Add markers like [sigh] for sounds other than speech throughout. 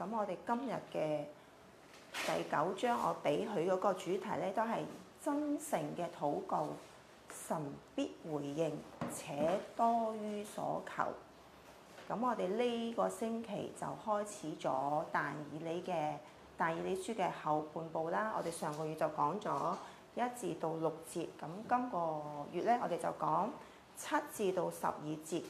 咁我哋今日嘅第九章，我俾佢嗰個主題咧，都係真誠嘅禱告，神必回應，且多於所求。咁我哋呢個星期就開始咗但以理嘅但以理書嘅後半部啦，我哋上個月就講咗一至到六節，咁今個月咧，我哋就講七至到十二節。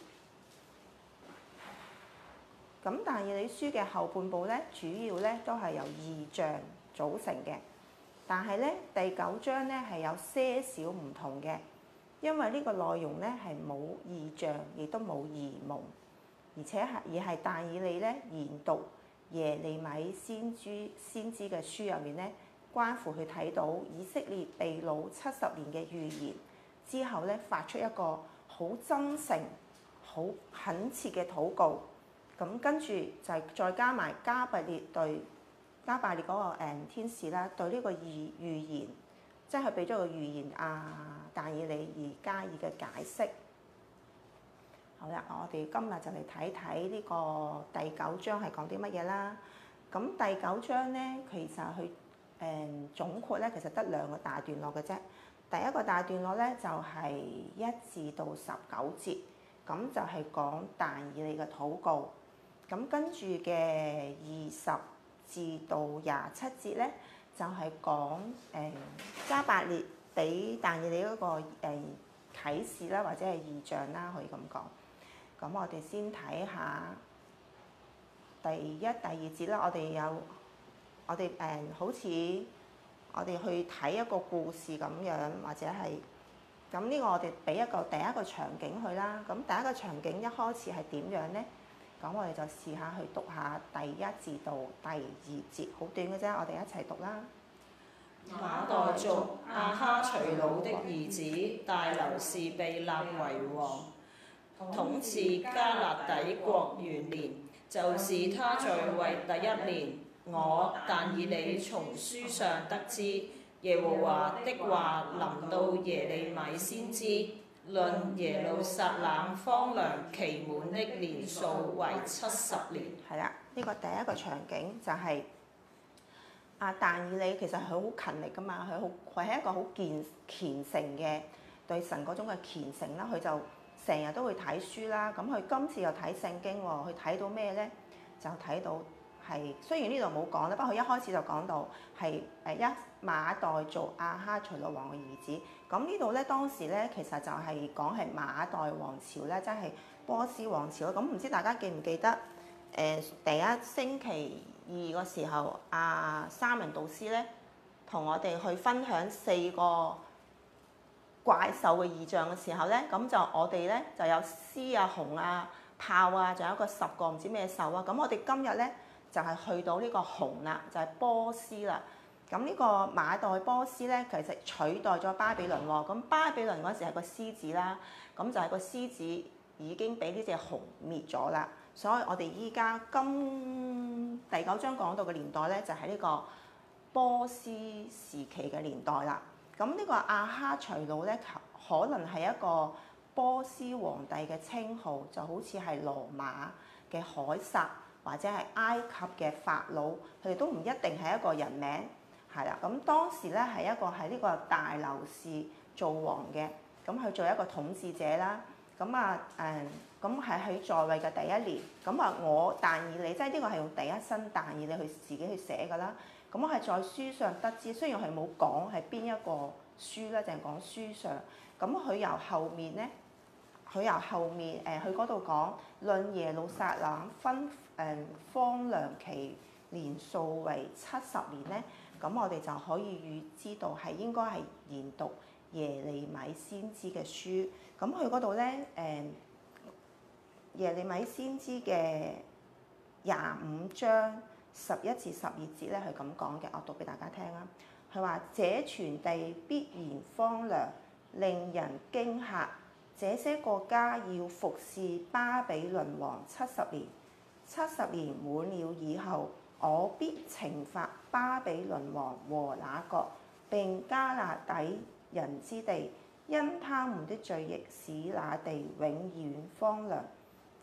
咁但以理書嘅後半部咧，主要咧都係由異象組成嘅。但係咧第九章咧係有些少唔同嘅，因為呢個內容咧係冇異象，亦都冇異夢，而且係而係但以理咧研讀耶利米先知先知嘅書入面咧，關乎佢睇到以色列被擄七十年嘅預言之後咧，發出一個好真誠、好懇切嘅禱告。咁跟住就係再加埋加百列對加百列嗰個天使啦，對呢個預預言，即係俾咗個預言啊。但以理而加以嘅解釋，好啦，我哋今日就嚟睇睇呢個第九章係講啲乜嘢啦。咁第九章咧，其實佢誒、嗯、總括咧，其實得兩個大段落嘅啫。第一個大段落咧就係、是、一至到十九節，咁就係講但以理嘅禱告。咁跟住嘅二十至到廿七節咧，就係講誒加百列俾但以理嘅嗰個誒啟、呃、示啦，或者係異象啦，可以咁講。咁我哋先睇下第一、第二節啦。我哋有我哋誒、呃、好似我哋去睇一個故事咁樣，或者係咁呢個我哋俾一個第一個場景去啦。咁第一個場景一開始係點樣咧？咁我哋就試下去讀下第一節到第二節，好短嘅啫，我哋一齊讀啦。馬代族阿、啊、哈隨魯的兒子大流士被立為王，統治加勒底國元年，就是他在位第一年。我但以理從書上得知耶和華的話，臨到耶利米先知。論耶路撒冷荒涼，期滿的年數為七十年。係啦，呢、這個第一個場景就係、是、阿但以理其實佢好勤力㗎嘛，佢好佢係一個好虔虔誠嘅對神嗰種嘅虔誠啦，佢就成日都會睇書啦。咁佢今次又睇聖經喎，佢睇到咩咧？就睇到。係，雖然呢度冇講咧，不過佢一開始就講到係誒一馬代做阿、啊、哈隨魯王嘅兒子。咁呢度咧，當時咧其實就係講係馬代王朝咧，即係波斯王朝。咁唔知大家記唔記得誒、呃、第一星期二個時候，阿、啊、三明導師咧同我哋去分享四個怪獸嘅異象嘅時候咧，咁就我哋咧就有獅啊、熊啊、豹啊，仲有一個十個唔知咩獸啊。咁我哋今日咧。就係去到呢個熊啦，就係、是、波斯啦。咁呢個馬代波斯咧，其實取代咗巴比倫喎。咁巴比倫嗰時係個獅子啦，咁就係個獅子已經俾呢隻熊滅咗啦。所以我哋依家今第九章講到嘅年代咧，就係、是、呢個波斯時期嘅年代啦。咁呢個亞哈隨魯咧，可能係一個波斯皇帝嘅稱號，就好似係羅馬嘅凱撒。或者係埃及嘅法老，佢哋都唔一定係一個人名，係啦。咁當時咧，係一個喺呢個大樓市做王嘅，咁佢做一個統治者啦。咁啊誒，咁係佢在位嘅第一年，咁啊我但以理即係呢個係用第一身但以理去自己去寫㗎啦。咁我係在書上得知，雖然佢係冇講係邊一個書啦，就係講書上。咁佢由後面咧，佢由後面誒，佢嗰度講論耶路撒冷分。誒荒涼期年數為七十年咧，咁我哋就可以預知道係應該係研讀耶利米先知嘅書。咁佢嗰度咧，誒耶利米先知嘅廿五章十一至十二節咧，佢咁講嘅，我讀俾大家聽啦。佢話：這全地必然荒涼，令人驚嚇。這些國家要服侍巴比倫王七十年。七十年滿了以後，我必懲罰巴比倫王和那國，並加拿底人之地，因他們的罪孽使那地永遠荒涼。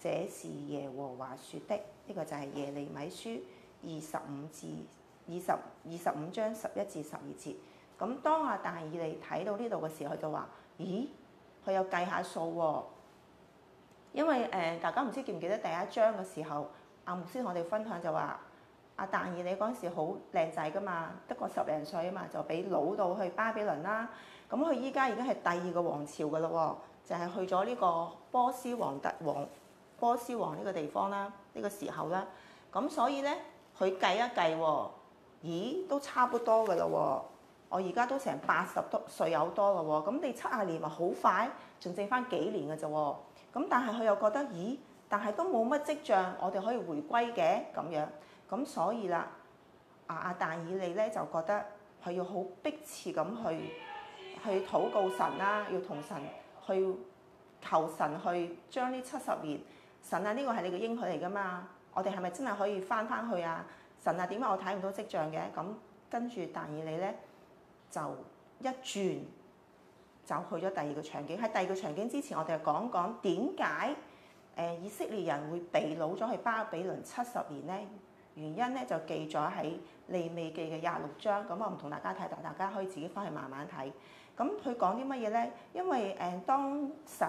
這是耶和華說的。呢、這個就係耶利米書二十五至二十、二十五章十一至十二節。咁當但以理睇到呢度嘅時候，佢就話：咦，佢有計下數喎、哦。因為誒、呃，大家唔知記唔記得第一章嘅時候？阿穆斯同我哋分享就話：阿但以理你嗰陣時好靚仔噶嘛，得個十零歲啊嘛，就俾老到去巴比倫啦。咁佢依家已經係第二個王朝噶咯喎，就係、是、去咗呢個波斯王特王波斯王呢個地方啦，呢、呢個時候啦。咁所以咧，佢計一計喎，咦，都差唔多噶咯喎，我而家都成八十多歲有多啦喎，咁你七十年話好快，仲剩翻幾年㗎啫喎。咁但係佢又覺得咦？但係都冇乜跡象，我哋可以回歸嘅咁樣，咁所以啦，阿、啊、阿但以理咧就覺得係要好迫切咁去去禱告神啦、啊，要同神去求神去將呢七十年，神啊呢、呢個係你嘅應許嚟㗎嘛，我哋係咪真係可以翻翻去啊？神啊點解我睇唔到跡象嘅？咁跟住但以理咧就一轉就去咗第二個場景，喺第二個場景之前，我哋就講講點解。誒，以色列人會被擄咗去巴比倫七十年咧，原因咧就記咗喺利未記嘅廿六章。咁我唔同大家睇，但大家可以自己翻去慢慢睇。咁佢講啲乜嘢咧？因為誒、呃，當神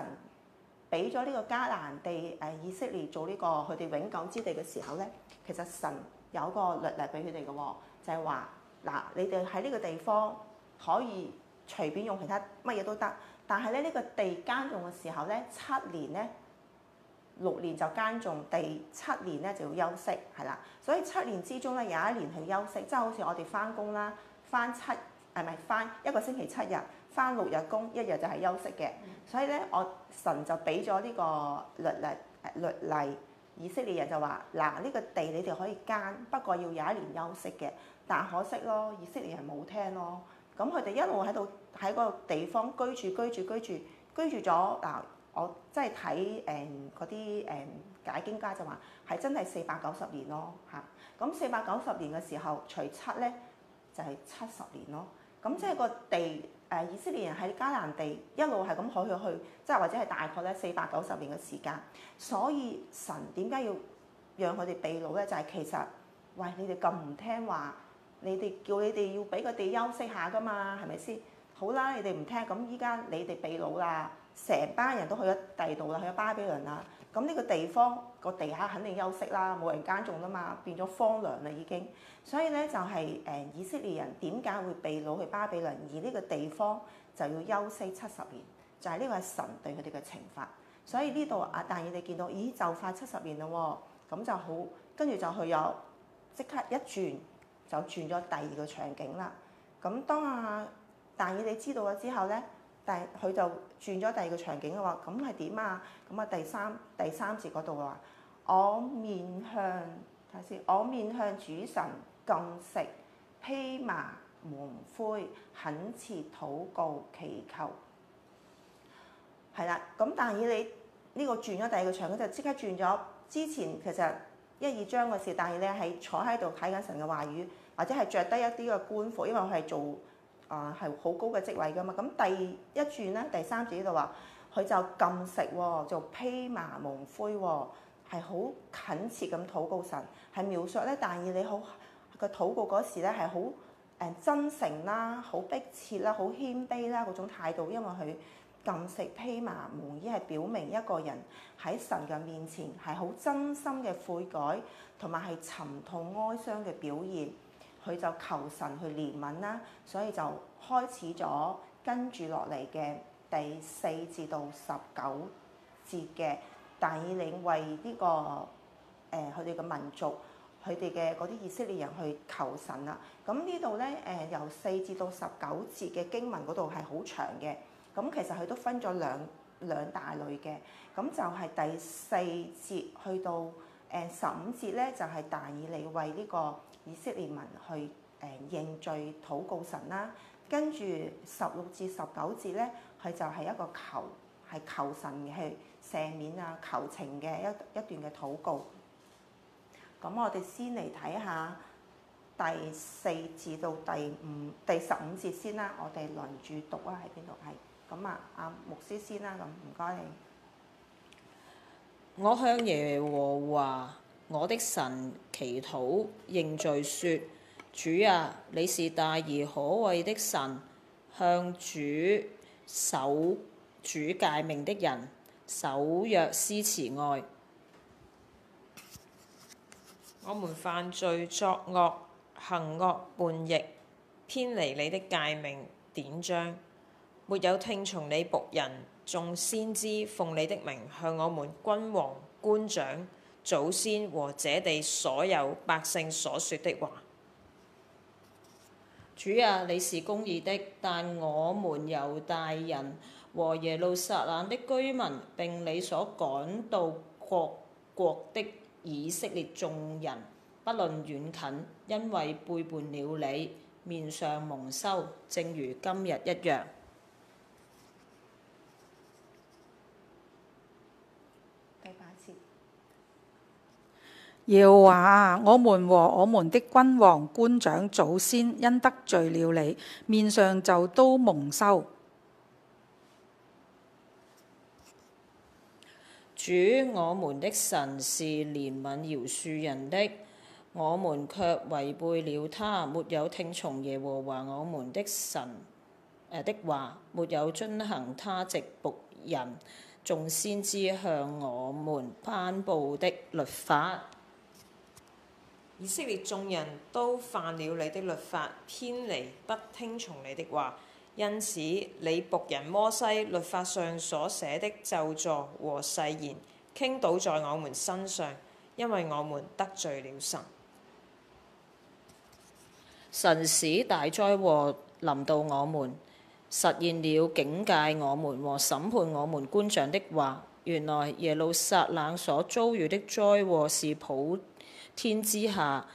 俾咗呢個迦南地誒、呃、以色列做呢、這個佢哋永久之地嘅時候咧，其實神有個律例俾佢哋嘅喎，就係話嗱，你哋喺呢個地方可以隨便用其他乜嘢都得，但係咧呢、這個地耕用嘅時候咧七年咧。六年就耕種，第七年咧就要休息，係啦。所以七年之中咧，有一年去休息，即係好似我哋翻工啦，翻七係咪翻一個星期七日，翻六日工，一日就係休息嘅。所以咧，我神就俾咗呢個律例律例，以色列人就話：嗱，呢個地你哋可以耕，不過要有一年休息嘅。但可惜咯，以色列人冇聽咯。咁佢哋一路喺度喺嗰個地方居住居住居住居住咗嗱。我即係睇誒嗰啲誒解經家就話，係真係四百九十年咯嚇。咁四百九十年嘅時候除七咧，就係七十年咯。咁即係個地誒、呃、以色列人喺迦南地一路係咁去去去，即係或者係大概咧四百九十年嘅時間。所以神點解要讓佢哋被擄咧？就係、是、其實，喂，你哋咁唔聽話，你哋叫你哋要俾佢哋休息下㗎嘛，係咪先？好啦，你哋唔聽，咁依家你哋被擄啦。成班人都去咗第二度啦，去咗巴比倫啦。咁、這、呢個地方個地下肯定休息啦，冇人耕種啦嘛，變咗荒涼啦已經。所以咧就係、是、誒以色列人點解會被擄去巴比倫，而呢個地方就要休息七十年，就係、是、呢個係神對佢哋嘅懲罰。所以呢度啊，但以理見到，咦，就快七十年咯喎，咁就好，跟住就去有即刻一轉就轉咗第二個場景啦。咁當啊但以理知道咗之後咧，但係佢就。轉咗第二個場景嘅話，咁係點啊？咁啊第三第三節嗰度嘅話，我面向睇下先，我面向主神禁食披麻蒙灰，懇切禱告祈求，係啦。咁但以你呢個轉咗第二個場景，就即刻轉咗之前其實一二章嘅事，但係你係坐喺度睇緊神嘅話語，或者係着低一啲嘅官服，因為佢係做。啊，係好高嘅職位噶嘛？咁、嗯、第一轉咧，第三節度話佢就禁食喎、哦，就披麻蒙灰喎，係、哦、好懇切咁禱告神，係描述咧但以理好佢禱告嗰時咧係好誒真誠啦，好迫切啦，好謙卑啦嗰種態度，因為佢禁食披麻蒙灰係表明一個人喺神嘅面前係好真心嘅悔改同埋係沉痛哀傷嘅表現。佢就求神去憐憫啦，所以就開始咗跟住落嚟嘅第四至到十九節嘅但以理為呢個誒佢哋嘅民族，佢哋嘅嗰啲以色列人去求神啦。咁、嗯、呢度咧誒由四至到十九節嘅經文嗰度係好長嘅，咁、嗯、其實佢都分咗兩兩大類嘅，咁、嗯、就係、是、第四節去到誒、呃、十五節咧，就係、是、但以理為呢個，以色列民去誒、呃、認罪、禱告神啦，跟住十六至十九節咧，佢就係一個求，係求神去赦免啊、求情嘅一一段嘅禱告。咁我哋先嚟睇下第四至到第五、第十五節先啦，我哋輪住讀啊，喺邊度？係咁啊，阿牧師先啦，咁唔該你。我向耶和華。我的神，祈禱認罪，説：主啊，你是大而可畏的神。向主守主誡命的人守約施慈愛，守約詩詞外，我們犯罪、作惡、行惡、叛逆，偏離你的誡命典章，沒有聽從你僕人眾先知奉你的名向我們君王官長。祖先和這地所有百姓所說的話，主啊，你是公義的，但我們猶大人和耶路撒冷的居民並你所趕到各國的以色列眾人，不論遠近，因為背叛了你，面上蒙羞，正如今日一樣。耶和華啊，我們和我們的君王、官長、祖先因得罪了你，面上就都蒙羞。 [noise] 主，我們的神是憐憫饒恕人的，我們卻違背了他，沒有聽從耶和華我們的神的話，沒有遵行他直僕人眾先知向我們頒布的律法。以色列眾人都犯了你的律法，偏離不聽從你的話，因此你僕人摩西律法上所寫的咒詛和誓言傾倒在我們身上，因為我們得罪了神。神使大災禍臨到我們，實現了警戒我們和審判我們官長的話。原來耶路撒冷所遭遇的災禍是普天之下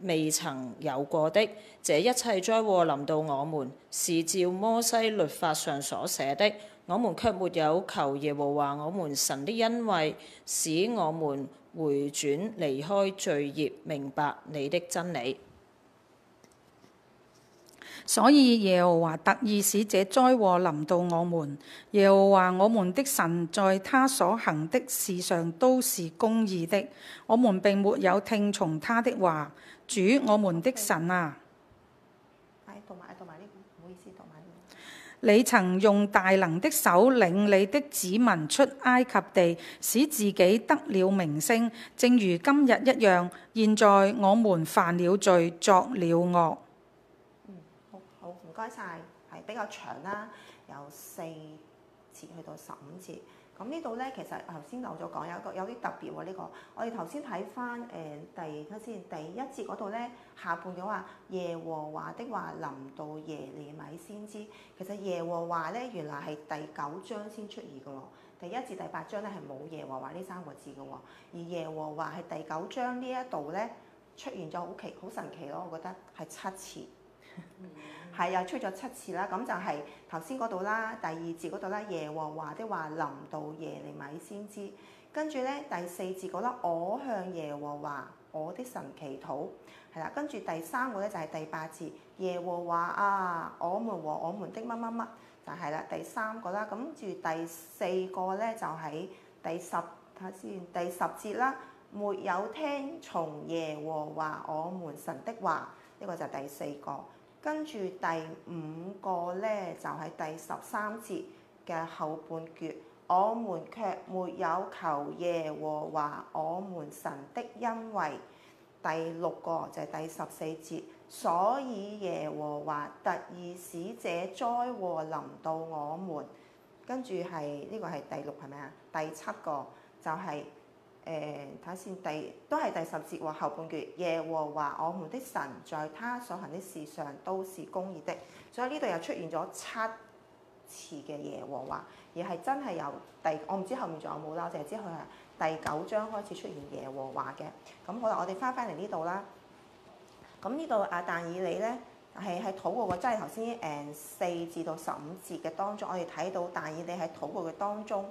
未曾有過的，這一切災禍臨到我們，是照摩西律法上所寫的。我們卻沒有求耶和華我們神的恩惠，使我們回轉離開罪孽，明白你的真理。所以耶和華特意使這災禍臨到我們。耶和華，我們的神在他所行的事上都是公義的，我們並沒有聽從他的話。主，我們的神啊，Okay. 你曾用大能的手領你的子民出埃及地，使自己得了名聲，正如今日一樣。現在我們犯了罪，作了惡。唔該晒，係比較長啦，由四節去到十五節。咁呢度咧，其實頭先漏咗講有一個有啲特別喎。呢個我哋頭先睇翻誒第睇先第一節嗰度咧，下半句話耶和華的話臨到耶利米先知。其實耶和華咧，原來係第九章先出現嘅喎。第一節第八章咧係冇耶和華呢三個字嘅喎，而耶和華係第九章呢一度咧出現咗，好奇好神奇咯，我覺得係七次。 [laughs] 係又出咗七次啦，咁就係頭先嗰度啦，第二節嗰度啦，耶和華的話臨到耶利米先知，跟住咧第四節嗰啦，我向耶和華我的神祈禱，係啦，跟住第三個咧就係第八節，耶和華啊，我們和我們的乜乜乜就係啦，第三個啦，跟住第四個咧就喺第十睇下先，第十節啦，沒有聽從耶和華我們神的話，呢個就係第四個。跟住第五個呢，就係、是、第十三節嘅後半句，我們卻沒有求耶和華我們神的恩惠。第六個就係第十四節，所以耶和華特意使這災禍臨到我們。跟住係呢個係第六係咪啊？第七個就係、是。誒睇下先，呃、第都係第十節喎。後半句耶和華，我們的神，在他所行的事上都是公義的。所以呢度又出現咗七次嘅耶和華，而係真係由第我唔知後面仲有冇啦，淨係知佢係第九章開始出現耶和華嘅。咁好啦，我哋翻返嚟呢度啦。咁呢度阿但以理咧，係係禱告嘅，即係頭先誒四至到十五節嘅當中，我哋睇到但以理喺禱告嘅當中，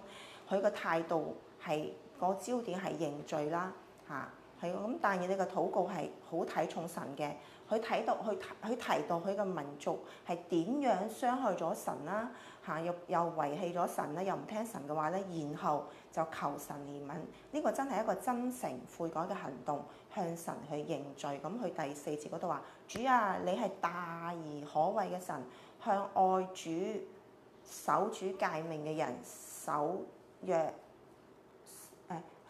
佢個態度係。個焦點係認罪啦，嚇、啊，係咁，但係你個禱告係好睇重神嘅，佢睇到佢提佢提到佢個民族係點樣傷害咗神啦、啊，嚇、啊，又又遺棄咗神啦、啊，又唔聽神嘅話咧，然後就求神憐憫，呢、這個真係一個真誠悔改嘅行動，向神去認罪。咁、嗯、佢第四節嗰度話：主啊，你係大而可畏嘅神，向愛主守主誡命嘅人守約。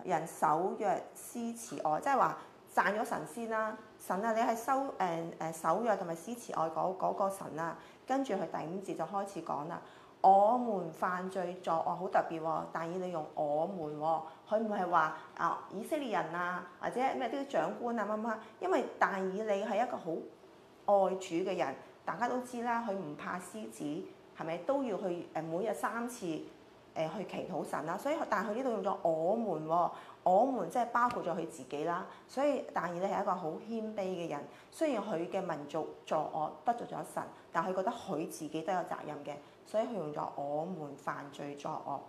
人守約施慈愛，即係話讚咗神仙啦，神啊，你係守誒誒守約同埋施慈愛嗰個神啦、啊。跟住佢第五節就開始講啦，我們犯罪作惡哦，好特別喎，但以理用我們、哦，佢唔係話啊以色列人啊，或者咩啲長官啊乜乜，因為但以理係一個好愛主嘅人，大家都知啦，佢唔怕獅子，係咪都要去誒、呃、每日三次？誒去祈禱神啦，所以但係佢呢度用咗我們、哦，我們即係包括咗佢自己啦。所以但以理係一個好謙卑嘅人，雖然佢嘅民族作惡得罪咗神，但係佢覺得佢自己都有責任嘅，所以佢用咗我們犯罪作惡，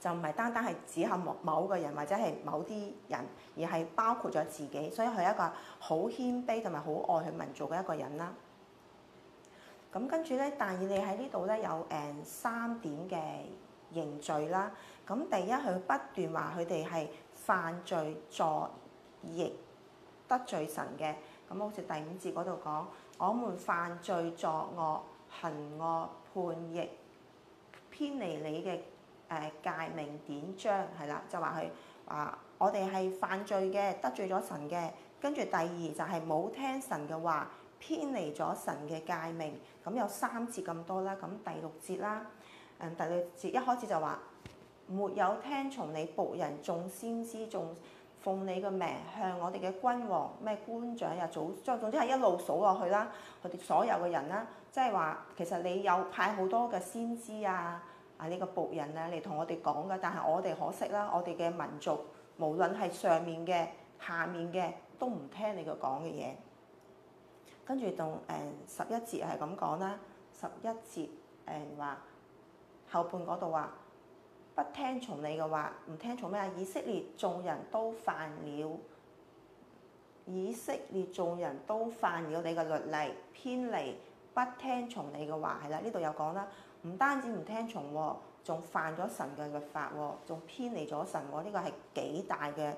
就唔係單單係只係某某個人或者係某啲人，而係包括咗自己，所以佢係一個好謙卑同埋好愛佢民族嘅一個人啦。咁跟住咧，但以理喺呢度咧有誒三點嘅認罪啦。咁第一佢不斷話佢哋係犯罪作孽得罪神嘅。咁好似第五節嗰度講，我們犯罪作惡、行惡叛逆偏離你嘅誒、呃、誡命典章係啦，就話、是、佢、就是、話，我哋係犯罪嘅得罪咗神嘅。跟住第二就係冇聽神嘅話。偏離咗神嘅誡命，咁有三節咁多啦。咁第六節啦，誒第六節一開始就話沒有聽從你僕人、眾先知、眾奉你嘅命向我哋嘅君王、咩官長又組將，總之係一路數落去啦。佢哋所有嘅人啦，即係話其實你有派好多嘅先知啊啊、呢個、啊，你嘅僕人啊嚟同我哋講嘅，但係我哋可惜啦，我哋嘅民族無論係上面嘅、下面嘅都唔聽你嘅講嘅嘢。跟住同誒十一節係咁講啦，十一節誒話後半嗰度話不聽從你嘅話，唔聽從咩啊？以色列眾人都犯了，以色列眾人都犯了你嘅律例，偏離不聽從你嘅話係啦。呢度有講啦，唔單止唔聽從，仲犯咗神嘅律法，仲偏離咗神。呢個係幾大嘅。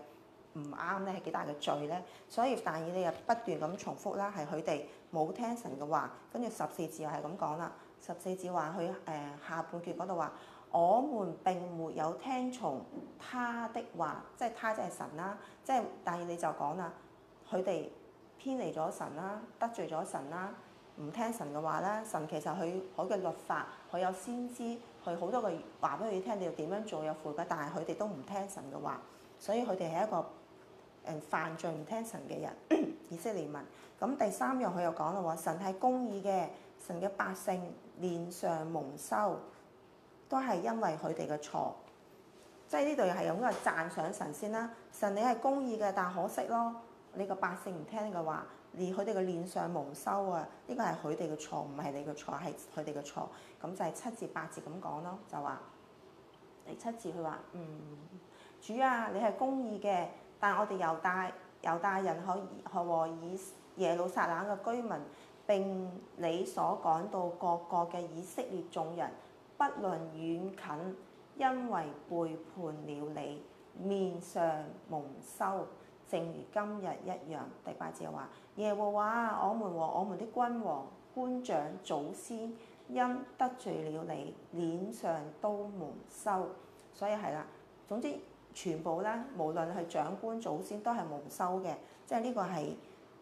唔啱咧，係幾大嘅罪咧？所以但以理又不斷咁重複啦，係佢哋冇聽神嘅話，跟住十四字又係咁講啦。十四字話佢誒下半句嗰度話，我們並沒有聽從他的話，即係他即係神啦。即係但以理就講啦，佢哋偏離咗神啦，得罪咗神啦，唔聽神嘅話啦。神其實佢好嘅律法，佢有先知，佢好多嘅話俾佢聽，你要點樣做有規矩，但係佢哋都唔聽神嘅話，所以佢哋係一個。犯罪唔聽神嘅人，以色列民，咁第三樣，佢又講啦喎，神係公義嘅，神嘅百姓臉上蒙羞，都係因為佢哋嘅錯，即係呢度又係咁樣讚賞神先啦。神你係公義嘅，但可惜咯，你個百姓唔聽嘅話，而佢哋嘅臉上蒙羞啊，呢個係佢哋嘅錯，唔係你嘅錯，係佢哋嘅錯。咁就係七字八字咁講咯，就話第七字佢話嗯，主啊，你係公義嘅。但我哋猶大、猶大人、口和、和以耶路撒冷嘅居民，並你所趕到各國嘅以色列眾人，不論遠近，因為背叛了你，面上蒙羞，正如今日一樣。第八節話：耶和華，我們和我們的君王、官長、祖先，因得罪了你，臉上都蒙羞。所以係啦，總之。全部咧，無論係長官祖先都係蒙羞嘅，即係呢個係誒、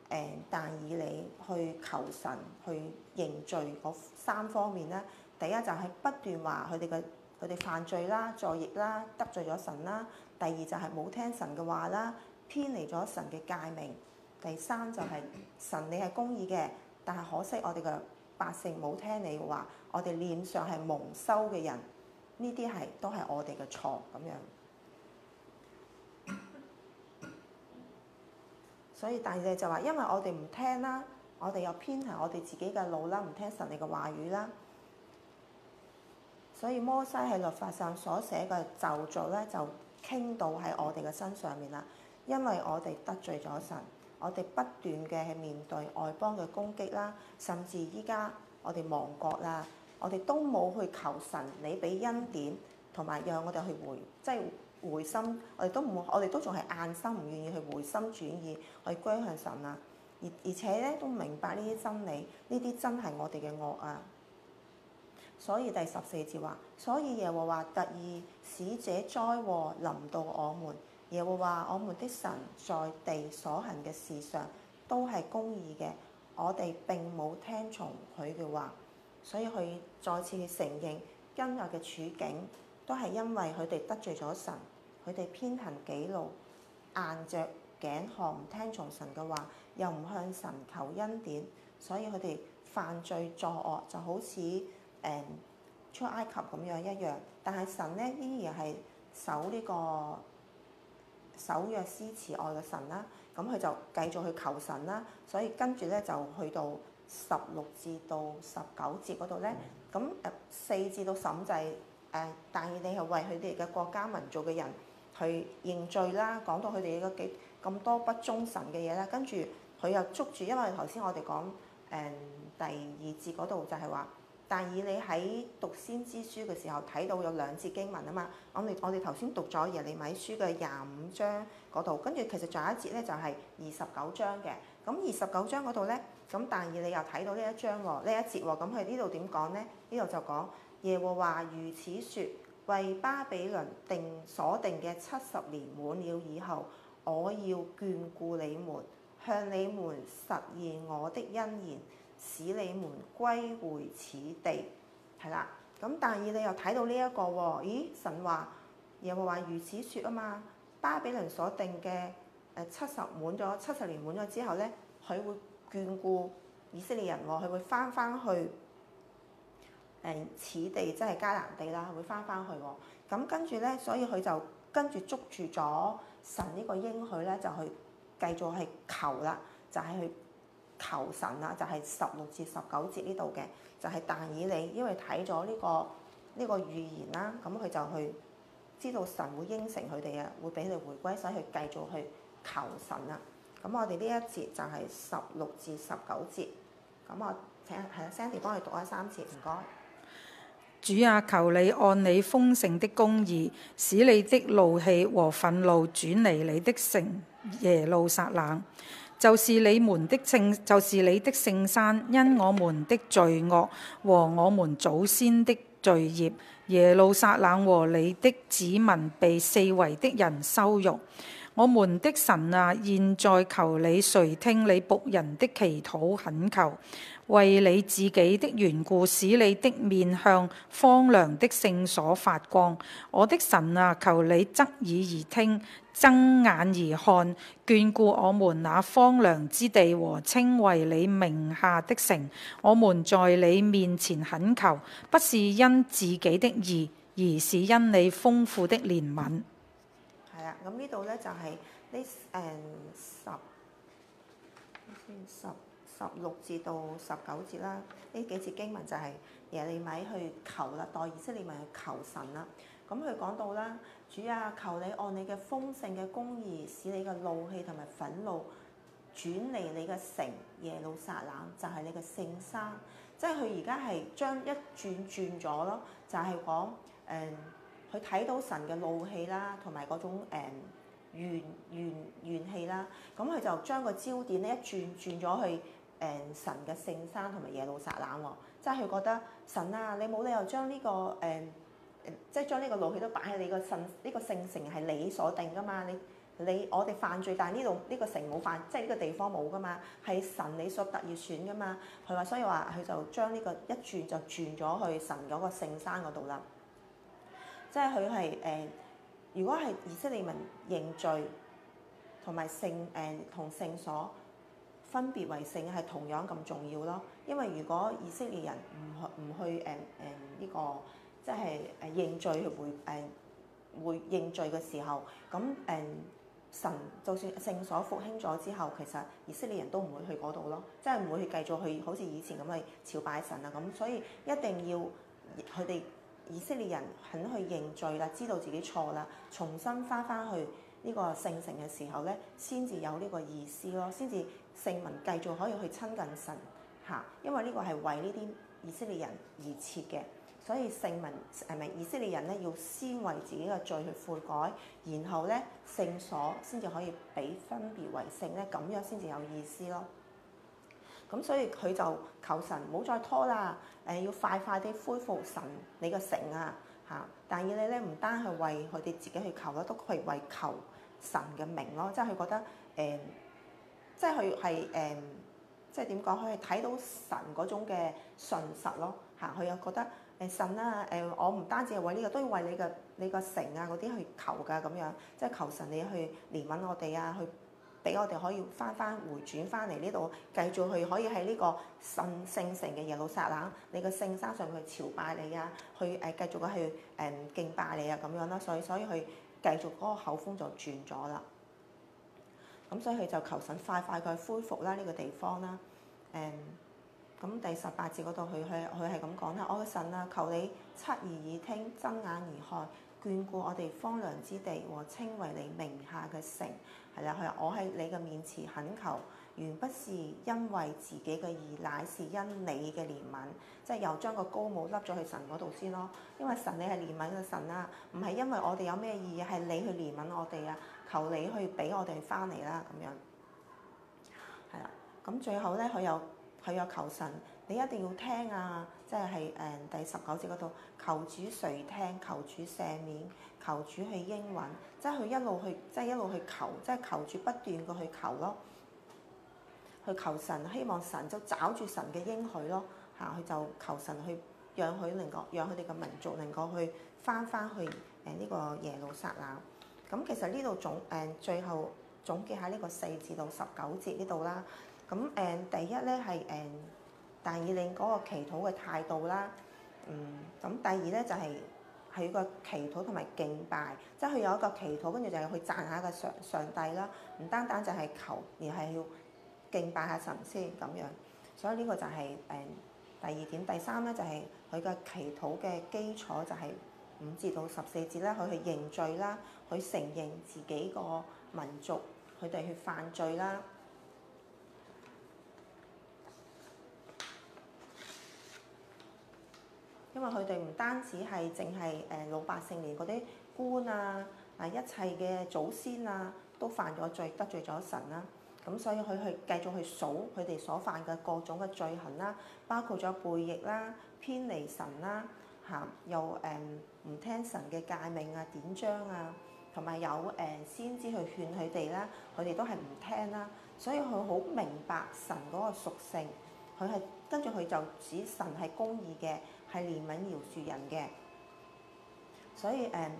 呃，但以理去求神去認罪嗰三方面咧，第一就係不斷話佢哋嘅佢哋犯罪啦、作孽啦、得罪咗神啦；第二就係冇聽神嘅話啦，偏離咗神嘅誡命；第三就係神你係公義嘅，但係可惜我哋嘅百姓冇聽你嘅話，我哋臉上係蒙羞嘅人，呢啲係都係我哋嘅錯咁樣。所以，但係就話，因為我哋唔聽啦，我哋又偏行我哋自己嘅路啦，唔聽神你嘅話語啦。所以摩西喺律法上所寫嘅咒詛咧，就傾倒喺我哋嘅身上面啦。因為我哋得罪咗神，我哋不斷嘅去面對外邦嘅攻擊啦，甚至依家我哋亡國啦，我哋都冇去求神你俾恩典，同埋讓我哋去回，即係。回心，我哋都冇，我哋都仲係硬心，唔願意去回心轉意去歸向神啊！而而且咧都明白呢啲真理，呢啲真係我哋嘅惡啊！所以第十四節話，所以耶和華特意使這災禍臨到我們，耶和華我們的神，在地所行嘅事上都係公義嘅，我哋並冇聽從佢嘅話，所以佢再次承認今日嘅處境都係因為佢哋得罪咗神。佢哋偏行己路，硬着頸項，唔聽從神嘅話，又唔向神求恩典，所以佢哋犯罪作惡，就好似誒出埃及咁樣一樣。但係神咧依然係守呢、呢個守約施慈愛嘅神啦，咁佢就繼續去求神啦。所以跟住咧就去到十六至到十九節嗰度咧，咁誒四至到審制，誒、嗯，但係你係為佢哋嘅國家民族嘅人。去認罪啦，講到佢哋嘅幾咁多不忠臣嘅嘢啦，跟住佢又捉住，因為頭先我哋講誒第二節嗰度就係話，但以理喺讀先知書嘅時候睇到有兩節經文啊嘛，我哋我哋頭先讀咗耶利米書嘅廿五章嗰度，跟住其實仲有一節咧就係二十九章嘅，咁二十九章嗰度咧，咁但以理又睇到呢一章喎，呢一節喎，咁佢呢度點講咧？呢度就講耶和華如此説。為巴比倫定所定嘅七十年滿了以後，我要眷顧你們，向你們實現我的恩言，使你們歸回此地。係啦，咁但係你又睇到呢、這、一個喎？咦，神話有冇話如此説啊嘛？巴比倫所定嘅七十滿咗七十年滿咗之後呢，佢會眷顧以色列人喎，佢會翻返去。誒此地即係迦南地啦，會翻翻去喎。咁、嗯、跟住咧，所以佢就跟住捉住咗神個英呢個應許咧，就去繼續去求啦，就係、是、去求神啦。就係十六至十九節呢度嘅，就係、是、但以理因為睇咗呢個呢、這個預言啦，咁佢就去知道神會應承佢哋啊，會俾你回歸，所以去繼續去求神啦。咁、嗯、我哋呢一節就係十六至十九節。咁我請係啊，Sandy 幫佢讀一三節，唔該。主啊，求你按你豐盛的公義，使你的怒氣和憤怒轉離你的城耶路撒冷，就是你們的聖，就是你的聖山，因我們的罪惡和我們祖先的罪孽，耶路撒冷和你的子民被四圍的人羞辱。我們的神啊，現在求你垂聽你僕人的祈禱懇求。為你自己的緣故，使你的面向荒涼的聖所發光。我的神啊，求你側耳而聽，睜眼而看，眷顧我們那荒涼之地和稱為你名下的城。我們在你面前懇求，不是因自己的義，而是因你豐富的憐憫。係啊，咁呢度咧就係呢十，十。十六節到十九節啦，呢幾節經文就係耶利米去求啦，代以色列民去求神啦。咁佢講到啦，主啊，求你按你嘅豐盛嘅公義，使你嘅怒氣同埋憤怒轉離你嘅城耶路撒冷，就係、是、你嘅聖山。即係佢而家係將一轉轉咗咯，就係講誒，佢、嗯、睇到神嘅怒氣啦，同埋嗰種誒怨怨怨氣啦，咁、嗯、佢就將個焦點咧一轉轉咗去。誒、嗯、神嘅聖山同埋耶路撒冷喎、啊，即係佢覺得神啊，你冇理由將呢、呢個誒、嗯，即係將呢個怒氣都擺喺你、呢個聖呢個聖城係你所定㗎嘛，你你我哋犯罪，但係呢度呢個城冇犯，即係呢個地方冇㗎嘛，係神你所特意選㗎嘛，佢話所以話佢就將呢個一轉就轉咗去神嗰個聖山嗰度啦，即係佢係誒，如果係以色列民認罪同埋聖誒同聖所。分別為聖係同樣咁重要咯，因為如果以色列人唔唔去誒誒呢個即係誒認罪去回誒會認罪嘅時候，咁誒、嗯、神就算聖所復興咗之後，其實以色列人都唔會去嗰度咯，即係唔會去繼續去好似以前咁去朝拜神啊咁，所以一定要佢哋以色列人肯去認罪啦，知道自己錯啦，重新翻翻去呢個聖城嘅時候咧，先至有呢個意思咯，先至。聖民繼續可以去親近神，嚇，因為呢個係為呢啲以色列人而設嘅，所以聖民係咪以色列人咧？要先為自己嘅罪去悔改，然後咧聖所先至可以俾分別為聖咧，咁樣先至有意思咯。咁所以佢就求神唔好再拖啦，誒、呃、要快快啲恢復神你嘅城啊嚇！但以理咧唔單係為佢哋自己去求咯，都係為求神嘅名咯，即係佢覺得誒。呃即係佢係誒，即係點講？佢係睇到神嗰種嘅信實咯吓，佢又覺得誒、呃、神啦、啊、誒、呃，我唔單止係為呢、這個，都要為你嘅你個城啊嗰啲去求㗎咁樣，即係求神你去憐憫我哋啊，去俾我哋可以返返回轉返嚟呢度，繼續去可以喺呢個神聖城嘅耶路撒冷，你個聖山上去朝拜你啊，去誒繼、呃、續去誒、呃、敬拜你啊咁樣啦，所以所以佢繼續嗰個口風就轉咗啦。咁、嗯、所以佢就求神快快去恢復啦呢、這個地方啦，誒、嗯，咁、嗯嗯、第十八節嗰度佢係佢係咁講啦，我嘅神啊，求你側耳而聽，睜眼而看，眷顧我哋荒涼之地和稱為你名下嘅城，係啦，佢話我喺你嘅面前懇求，原不是因為自己嘅義，乃是因你嘅憐憫，即係又將個高帽笠咗去神嗰度先咯，因為神你係憐憫嘅神啦、啊，唔係因為我哋有咩意義，係你去憐憫我哋啊。求你去俾我哋翻嚟啦，咁樣係啦。咁最後咧，佢有佢有求神，你一定要聽啊！即係誒第十九節嗰度，求主垂聽，求主赦免，求主去應允。即係佢一路去，即係一路去求，即係求主不斷嘅去求咯。去求神，希望神就找住神嘅應許咯。嚇、啊，佢就求神去讓佢能夠，讓佢哋嘅民族能夠去翻翻去誒呢個耶路撒冷。咁其實呢度總誒、嗯、最後總結下呢個四至到十九節呢度啦。咁誒第一咧係誒但以理嗰個祈禱嘅態度啦。嗯，咁、嗯第，嗯、第二咧就係佢個祈禱同埋敬拜，即係佢有一個祈禱，跟住就係去讚下個上上帝啦。唔單單就係求，而係要敬拜下神先咁樣。所以呢個就係、是、誒、嗯、第二點，第三咧就係佢個祈禱嘅基礎就係、是。五至到十四節啦，佢去認罪啦，佢承認自己個民族佢哋去犯罪啦，因為佢哋唔單止係淨係誒老百姓連嗰啲官啊啊一切嘅祖先啊都犯咗罪，得罪咗神啦、啊，咁所以佢去繼續去數佢哋所犯嘅各種嘅罪行啦，包括咗背逆啦、偏離神啦。又誒唔、嗯、聽神嘅誡命啊、典章啊，同埋有誒、嗯、先知去勸佢哋啦，佢哋都係唔聽啦。所以佢好明白神嗰個屬性，佢係跟住佢就指神係公義嘅，係憐憫饒恕人嘅。所以誒、嗯，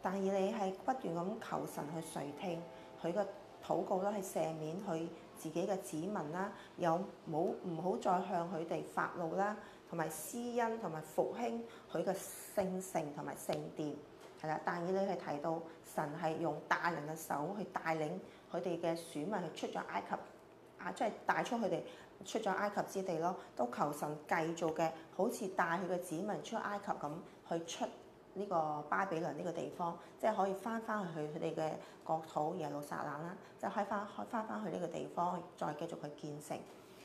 但係你係不斷咁求神去垂聽，佢嘅禱告都係赦免佢自己嘅子民啦，有冇唔好再向佢哋發怒啦。同埋施恩同埋復興佢嘅聖城同埋聖殿，係啦。但以理係提到神係用大能嘅手去帶領佢哋嘅選民去出咗埃及，啊，即係帶出佢哋出咗埃及之地咯。都求神繼續嘅好似帶佢嘅子民出埃及咁去出呢個巴比倫呢個地方，即係可以翻返去佢哋嘅國土耶路撒冷啦，即係開翻開翻返去呢個地方，再繼續去建城。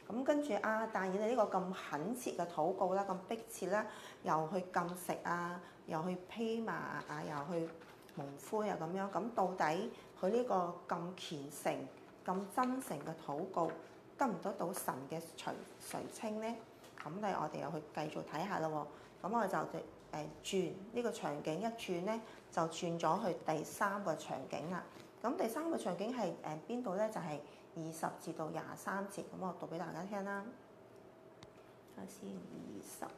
咁跟住啊，但係你呢個咁懇切嘅禱告啦，咁迫切啦，又去禁食啊，又去披麻啊，又去蒙灰啊，咁樣，咁到底佢呢個咁虔誠、咁真誠嘅禱告得唔得到神嘅垂垂青咧？咁，我哋又去繼續睇下啦。咁我就誒、呃、轉呢個場景一轉咧，就轉咗去第三個場景啦。咁第三個場景係誒邊度咧？就係、是。二十至到廿三節，咁我讀俾大家聽啦。先，二十。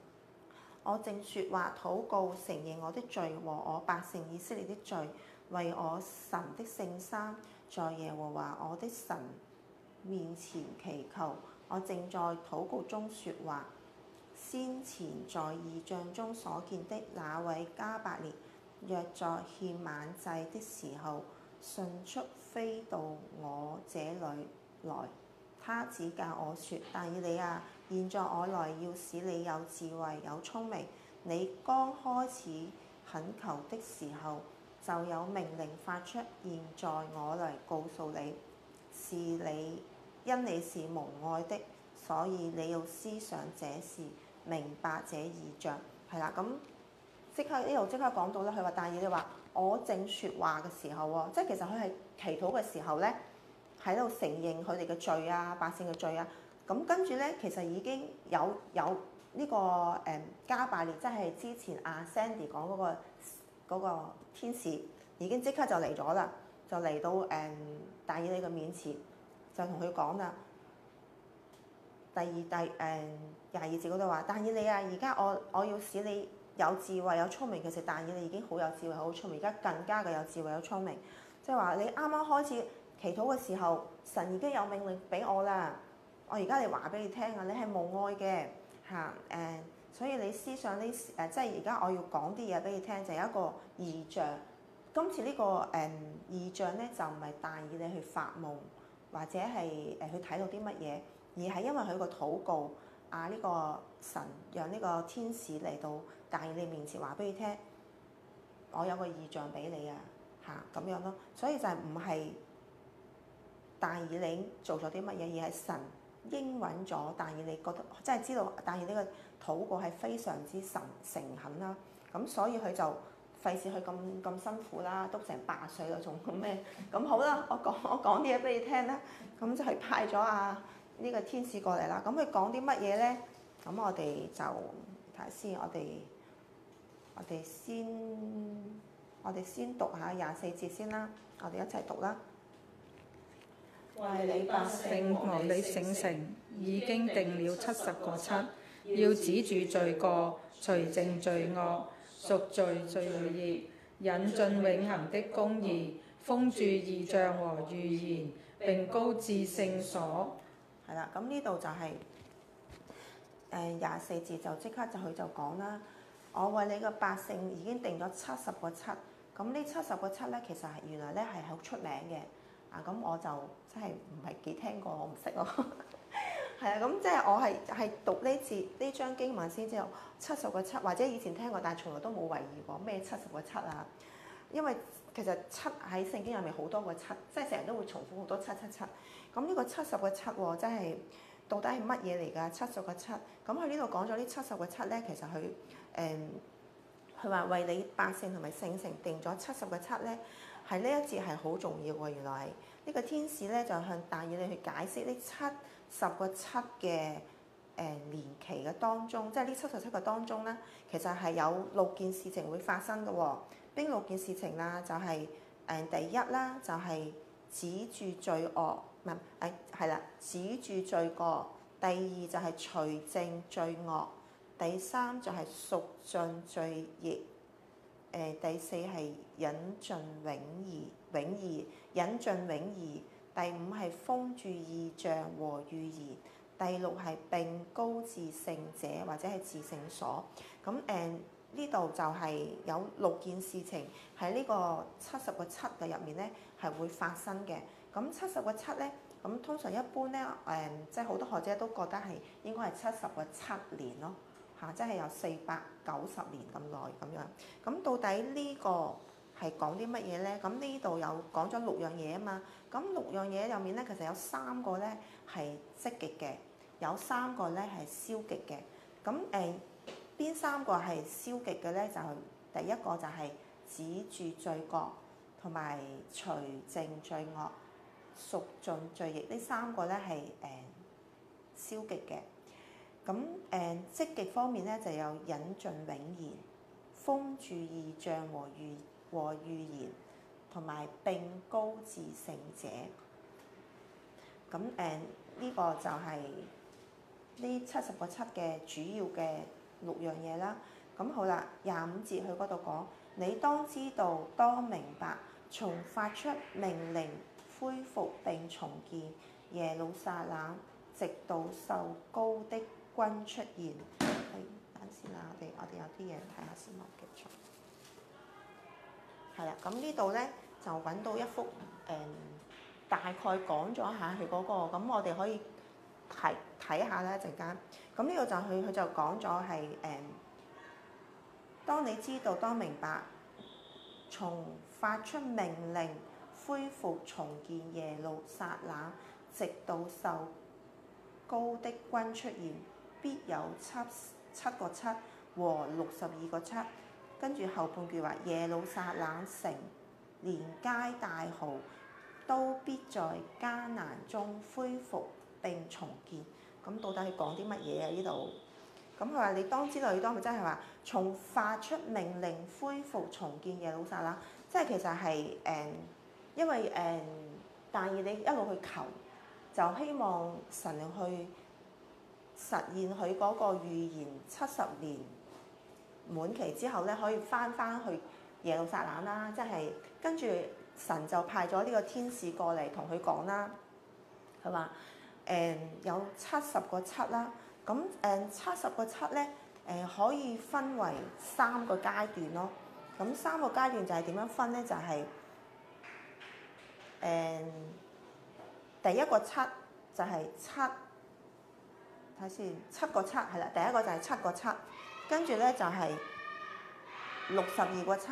我正説話、禱告、承認我的罪和我百姓以色列的罪，為我神的聖山，在耶和華我的神面前祈求。我正在禱告中説話，先前在異象中所見的那位加百列，約在獻晚祭的時候。迅速飛到我這裏來，他指教我說，但以理啊，現在我來要使你有智慧、有聰明。你剛開始懇求的時候就有命令發出，現在我來告訴你，是你因你是無愛的，所以你要思想這事，明白這異象。係啦，咁即刻呢度即刻講到啦，佢話但以理話。我正説話嘅時候喎，即係其實佢係祈禱嘅時候咧，喺度承認佢哋嘅罪啊，百姓嘅罪啊。咁跟住咧，其實已經有有呢、這個誒、嗯、加百列，即係之前阿 Sandy 講嗰、那個那個天使，已經即刻就嚟咗啦，就嚟到誒但以、嗯、理嘅面前，就同佢講啦。第二第誒廿二、嗯、節嗰度話：但以理啊，而家我我要使你。有智慧有聰明，其實但以理你已經好有智慧好聰明，而家更加嘅有智慧有聰明，聰明聰明即係話你啱啱開始祈禱嘅時候，神已經有命令俾我啦。我而家嚟你話俾你聽啊，你係無愛嘅嚇誒，所以你思想呢誒，即係而家我要講啲嘢俾你聽，就有、是、一個異象。今次，這個嗯、呢個誒異象咧，就唔係但以理你去發夢或者係誒去睇到啲乜嘢，而係因為佢個禱告啊呢、這個神讓呢個天使嚟到。但以理你面前話俾你聽，我有個意象俾你啊，嚇、啊、咁樣咯。所以就係唔係但以理你做咗啲乜嘢，而係神應允咗。但以理你覺得真係知道，但以理呢個禱告係非常之神誠懇啦。咁所以佢就費事佢咁咁辛苦啦，篤成八歲嗰種咩咁好啦。我講我講啲嘢俾你聽啦。咁就係派咗啊呢、這個天使過嚟啦。咁佢講啲乜嘢咧？咁我哋就睇下先。我哋。我哋先，我哋先讀下廿四節先啦。我哋一齊讀啦。為你百姓，為你聖城，已經定了七十個七，要止住罪過，除淨罪惡，贖罪罪孽，引進永恆的公義，封住異象和預言，並膏至聖所。係啦，咁呢度就係誒廿四節，呃、節就即刻就去就講啦。我為你個百姓已經定咗七十個七，咁呢七十個七咧，其實係原來咧係好出名嘅，啊咁我就真係唔係幾聽過，我唔識咯，係啊，咁即係我係係讀呢節呢張經文先知道七十個七，或者以前聽過，但係從來都冇懷疑過咩七十個七啊，因為其實七喺聖經入面好多個七，即係成日都會重複好多七七七，咁呢個七十個七喎、啊，真係。到底係乜嘢嚟㗎？七十個七，咁佢呢度講咗呢七十個七咧，其實佢誒佢話為你百姓同埋聖城定咗七十個七咧，喺呢一節係好重要喎。原來呢、這個天使咧就向大衛你去解釋呢七十個七嘅誒、嗯、年期嘅當中，即係呢七十七個當中咧，其實係有六件事情會發生嘅喎、哦。邊六件事情啊、就是嗯？就係誒第一啦，就係止住罪惡。唔係啦，止住罪過；第二就係除淨罪惡；第三就係贖盡罪孽；誒、呃、第四係引進永義，永義引進永義；第五係封住異象和預言；第六係並膏至聖者或者係至聖所。咁誒呢度就係有六件事情喺呢個七十個七嘅入面咧，係會發生嘅。咁七十個七咧，咁通常一般咧，誒、呃，即係好多學者都覺得係應該係七十個七年咯，嚇、啊，即係有四百九十年咁耐咁樣。咁到底呢個係講啲乜嘢咧？咁呢度有講咗六樣嘢啊嘛。咁六樣嘢入面咧，其實有三個咧係積極嘅，有三個咧係消極嘅。咁誒邊三個係消極嘅咧？就係，第一個就係止住罪過，同埋除淨罪惡。贖盡罪孽，呢三個咧係誒消極嘅。咁誒積極方面咧，就有引進永言、封住異象和預和預言，同埋並高至聖者。咁誒呢個就係呢七十個七嘅主要嘅六樣嘢啦。咁好啦，廿五節去嗰度講，你當知道，當明白，從發出命令，恢復並重建耶路撒冷，直到受膏的君出現。係、哎，等先啦，我哋我哋有啲嘢睇下先。新聞嘅。係、嗯、啦，咁呢度咧就揾到一幅誒、嗯，大概講咗下佢嗰、那個。咁我哋可以睇睇下啦，一陣間。咁呢個就佢佢就講咗係誒，當你知道，當明白，從發出命令。恢復重建耶路撒冷，直到受膏的君出現，必有七七個七和六十二個七。跟住後半句話，耶路撒冷城連街帶壕都必在艱難中恢復並重建。咁到底係講啲乜嘢啊？呢度咁佢話你當知道，你當佢真係話從發出命令恢復重建耶路撒冷，即係其實係誒。嗯因為誒、呃，但係你一路去求，就希望神去實現佢嗰個預言，七十年滿期之後咧，可以返返去耶路撒冷啦，即係跟住神就派咗呢個天使過嚟同佢講啦。佢話誒有七十個七啦，咁誒、呃、七十個七咧誒、呃、可以分為三個階段咯。咁三個階段就係點樣分咧？就係、是誒，and, 第一個七就係、是、七，睇先，七個七係啦，第一個就係七個七，跟住咧就係六十二個七，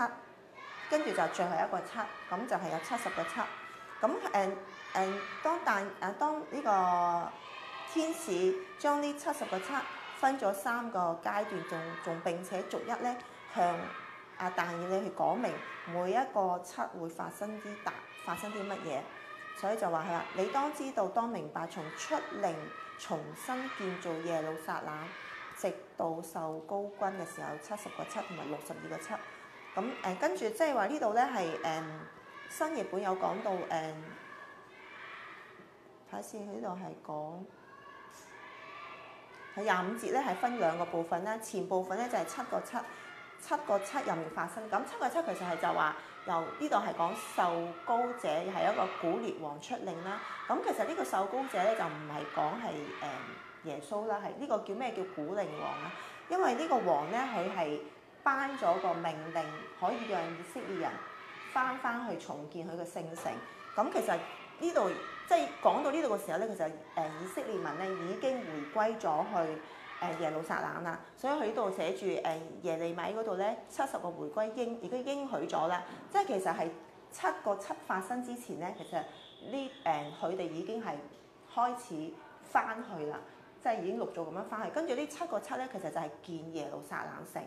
跟住就最後一個七，咁就係有七十個七，咁誒誒，當但啊，當呢個天使將呢七十個七分咗三個階段，仲仲並且逐一咧向。強啊！但要你去講明每一個七會發生啲突，發生啲乜嘢，所以就話係啦。你當知道，當明白從出令重新建造耶路撒冷，直到受膏君嘅時候，七十個七同埋六十二個七。咁、嗯、誒，跟住即係話呢度咧係誒新譯本有講到誒，睇下先，呢度係講喺廿五節咧係分兩個部分啦。前部分咧就係七個七。七個七入面發生，咁七個七其實係就話由呢度係講受膏者係一個古列王出令啦。咁其實呢個受膏者咧就唔係講係誒耶穌啦，係呢個叫咩叫古列王咧？因為呢個王咧佢係頒咗個命令，可以讓以色列人翻翻去重建佢個聖城。咁其實呢度即係講到呢度嘅時候咧，其實誒以色列民咧已經回歸咗去。耶路撒冷啦，所以喺度寫住誒耶利米嗰度咧，七十個回歸應已經應許咗啦。即係其實係七個七發生之前咧，其實呢誒佢哋已經係開始翻去啦，即係已經陸續咁樣翻去。跟住呢七個七咧，其實就係建耶路撒冷城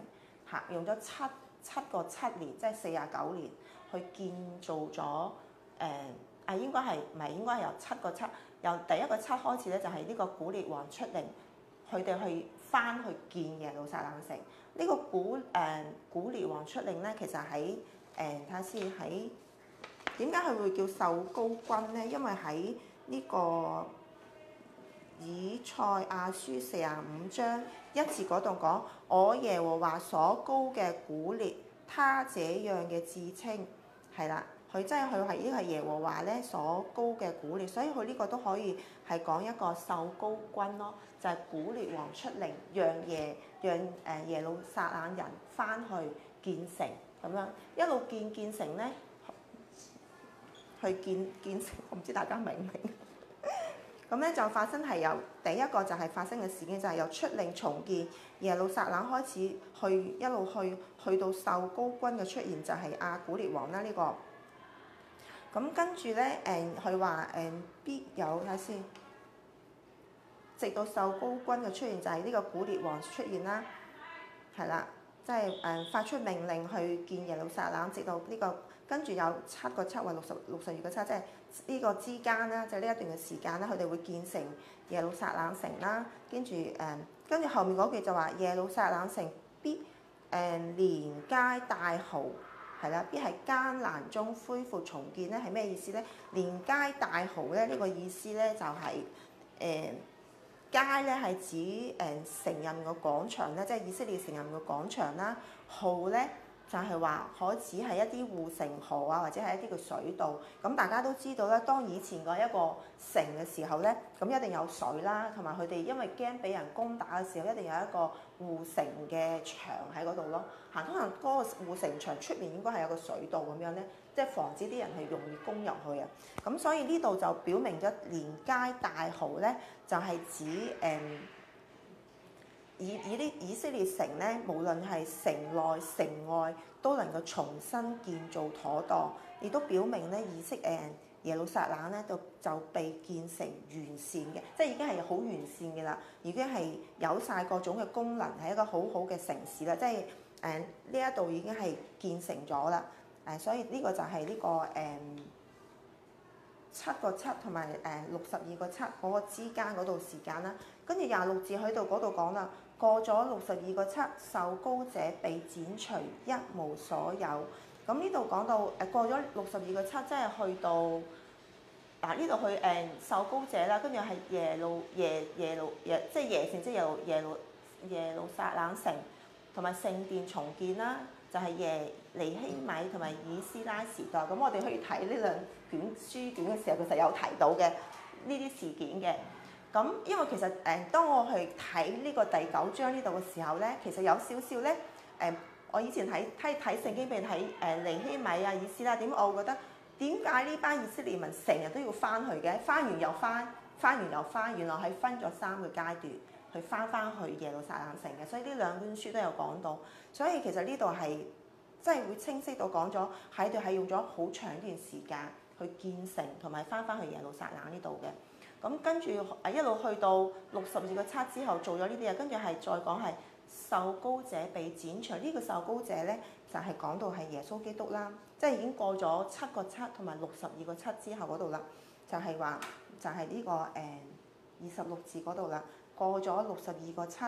嚇，用咗七七個七年，即係四十九年去建造咗誒，係、呃、應該係唔係，應該係由七個七，由第一個七開始咧，就係呢個古列王出令。佢哋去翻去見耶路撒冷城呢、這個古誒、呃、古列王出令咧，其實喺誒睇下先喺點解佢會叫受膏君咧？因為喺呢個以賽亞書四十五章一字嗰度講，我耶和華所膏嘅古列，他這樣嘅自稱係啦。佢真係，佢係呢個係耶和華咧所膏嘅古列，所以佢呢個都可以係講一個受膏君咯，就係、是、古列王出令讓，讓耶讓誒耶路撒冷人翻去建成。咁樣一路建建成咧，去建建成，我唔知大家明唔明？咁 [laughs] 咧就發生係由第一個就係發生嘅事件，就係、是、由出令重建耶路撒冷開始去，去一路去去到受膏君嘅出現，就係阿古列王啦呢、這個。咁跟住呢，誒佢話誒必有睇先，直到受膏君嘅出現，就係、是、呢個古列王出現啦，係啦，即係誒發出命令去建耶路撒冷，直到呢、這個跟住有七個七或六十六十二個七，即係呢個之間啦，就係呢一段嘅時間啦，佢哋會建成耶路撒冷城啦，跟住誒、嗯，跟住後面嗰句就話耶路撒冷城必誒、嗯、連街帶濠。係啦，必係艱難中恢復重建咧，係咩意思咧？連街帶濠咧，呢、這個意思咧就係、是、誒、呃、街咧係指誒承、呃、任嘅廣場咧，即係以色列承任嘅廣場啦，濠咧。就係話，可只係一啲護城河啊，或者係一啲叫水道。咁大家都知道啦，當以前嗰一個城嘅時候咧，咁一定有水啦，同埋佢哋因為驚俾人攻打嘅時候，一定有一個護城嘅牆喺嗰度咯。行通行嗰個護城牆出面應該係有個水道咁樣咧，即係防止啲人係容易攻入去啊。咁所以呢度就表明咗連街帶濠咧，就係、是、指誒。嗯以以啲以色列城咧，無論係城內城外，都能夠重新建造妥當，亦都表明咧，以色誒耶路撒冷咧就就被建成完善嘅，即係已經係好完善嘅啦，已經係有晒各種嘅功能，係一個好好嘅城市啦，即係誒呢一度已經係建成咗啦，誒、嗯、所以呢個就係呢、呢個誒七個七同埋誒六十二個七嗰個之間嗰度時間啦，跟住廿六節喺度嗰度講啦。過咗六十二個七，受膏者被剪除，一無所有。咁呢度講到誒過咗六十二個七，即係去到嗱呢度去誒、嗯、受膏者啦，跟住係耶路耶耶路耶，即係耶城，即係由耶路耶路，耶路撒冷城，同埋聖殿重建啦，就係、是、耶尼希米同埋以，以斯拉時代。咁我哋可以睇呢兩卷書卷嘅時候，佢就有提到嘅呢啲事件嘅。咁、嗯、因為其實誒、呃，當我去睇呢個第九章呢度嘅時候咧，其實有少少咧誒，我以前睇睇睇聖經譬如睇誒尼希米啊、以斯啦以斯拉，點，我覺得點解呢班以色列民成日都要翻去嘅？翻完又翻，翻完又翻，原來係分咗三個階段去翻翻去耶路撒冷城嘅。所以呢兩本書都有講到，所以其實呢度係即係會清晰到講咗喺度係用咗好長一段時間去建成同埋翻翻去耶路撒冷呢度嘅。咁跟住一路去到六十二個七之後做咗呢啲嘢，跟住係再講係受膏者被剪除。呢個受膏者呢，就係講到係耶穌基督啦，即係已經過咗七個七同埋六十二個七之後嗰度啦，就係話就係呢個誒二十六字嗰度啦。過咗六十二個七，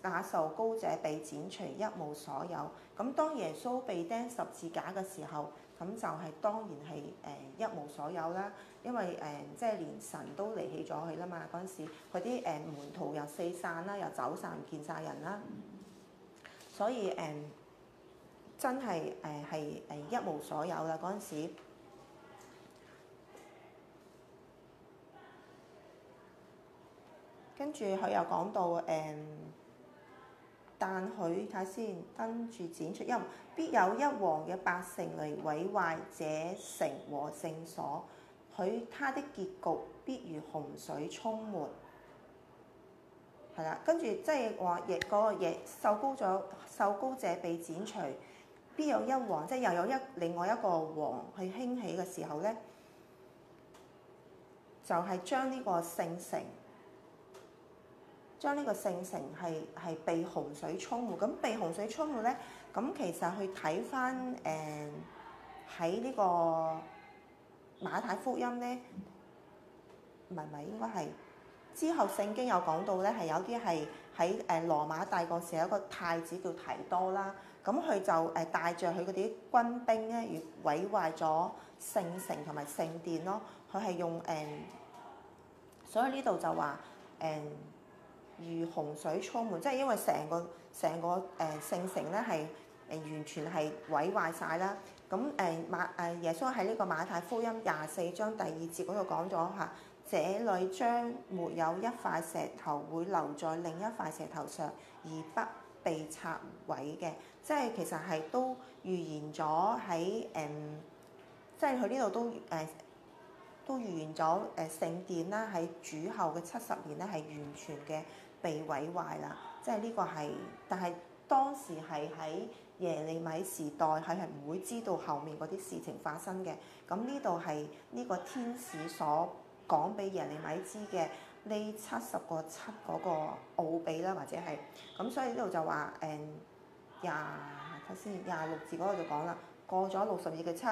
那受膏者被剪除，一無所有。咁當耶穌被釘十字架嘅時候。咁就係、是、當然係誒、呃、一無所有啦，因為誒、呃、即係連神都離棄咗佢啦嘛，嗰陣時佢啲誒門徒又四散啦，又走散見晒人啦，所以誒、呃、真係誒係誒一無所有啦嗰陣時，跟住佢又講到誒。呃但佢睇先，跟住剪除，因必有一王嘅百姓嚟毀壞這城和聖所，佢他，他的結局必如洪水沖沒。係啦，跟住即係話亦個嘢，受高咗，受高者被剪除，必有一王，即係又有一另外一個王去興起嘅時候咧，就係將呢個聖城。將呢個聖城係係被洪水沖沒咁，被洪水沖沒咧咁，其實去睇翻誒喺呢個馬太福音咧，唔係唔係應該係之後聖經有講到咧，係有啲係喺誒羅馬帝國時有一個太子叫提多啦。咁、嗯、佢就誒、呃、帶着佢嗰啲軍兵咧，如毀壞咗聖城同埋聖殿咯。佢係用誒、呃，所以呢度就話誒。呃如洪水沖沒，即係因為成個成個誒聖、呃、城咧係誒完全係毀壞晒啦。咁誒馬誒耶穌喺呢個馬太福音廿四章第二節嗰度講咗嚇，這裡將沒有一塊石頭會留在另一塊石頭上，而不被拆毀嘅。即係其實係都預言咗喺誒，即係佢呢度都誒。呃都預言咗誒聖殿啦，喺主後嘅七十年咧係完全嘅被毀壞啦。即係呢個係，但係當時係喺耶利米時代佢係唔會知道後面嗰啲事情發生嘅。咁呢度係呢個天使所講俾耶利米知嘅呢七十個七嗰個奧秘啦，或者係咁，所以呢度就話誒廿睇先廿六字嗰度就講啦，過咗六十二嘅七，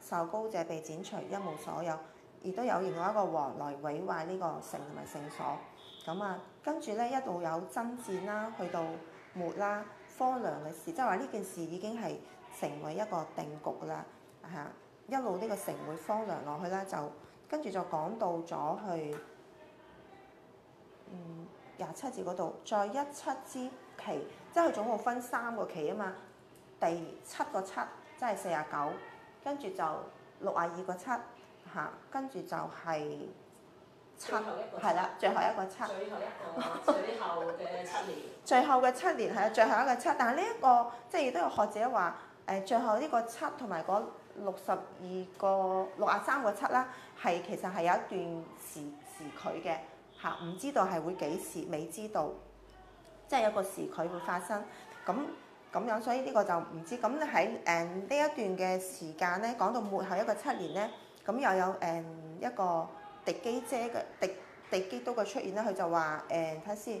受膏者被剪除，一無所有。亦都有形容一個王來毀壞呢個城同埋聖所。咁啊，跟住咧一路有爭戰啦，去到末啦，荒涼嘅事，即係話呢件事已經係成為一個定局啦，嚇、啊，一路呢個城會荒涼落去啦，就跟住就講到咗去，嗯，廿七字嗰度，再一七之期，即係總共分三個期啊嘛，第七個七即係四十九，跟住就六十二個七。嚇，跟住就係七，係啦，最後一個七，了最後一個，最後嘅 [laughs] 七年，最後嘅七年係啊，最後一個七，但係呢一個即係亦都有學者話誒，最後呢個七同埋嗰六十二個六十三個七啦，係其實係有一段時時距嘅嚇，唔知道係會幾時，未知道，即係有個時距會發生咁咁樣，所以呢個就唔知。咁喺誒呢一段嘅時間咧，講到末後一個七年咧。咁又有誒、嗯、一個敵基姐嘅敵敵基督嘅出現啦，佢就話誒睇先誒，在、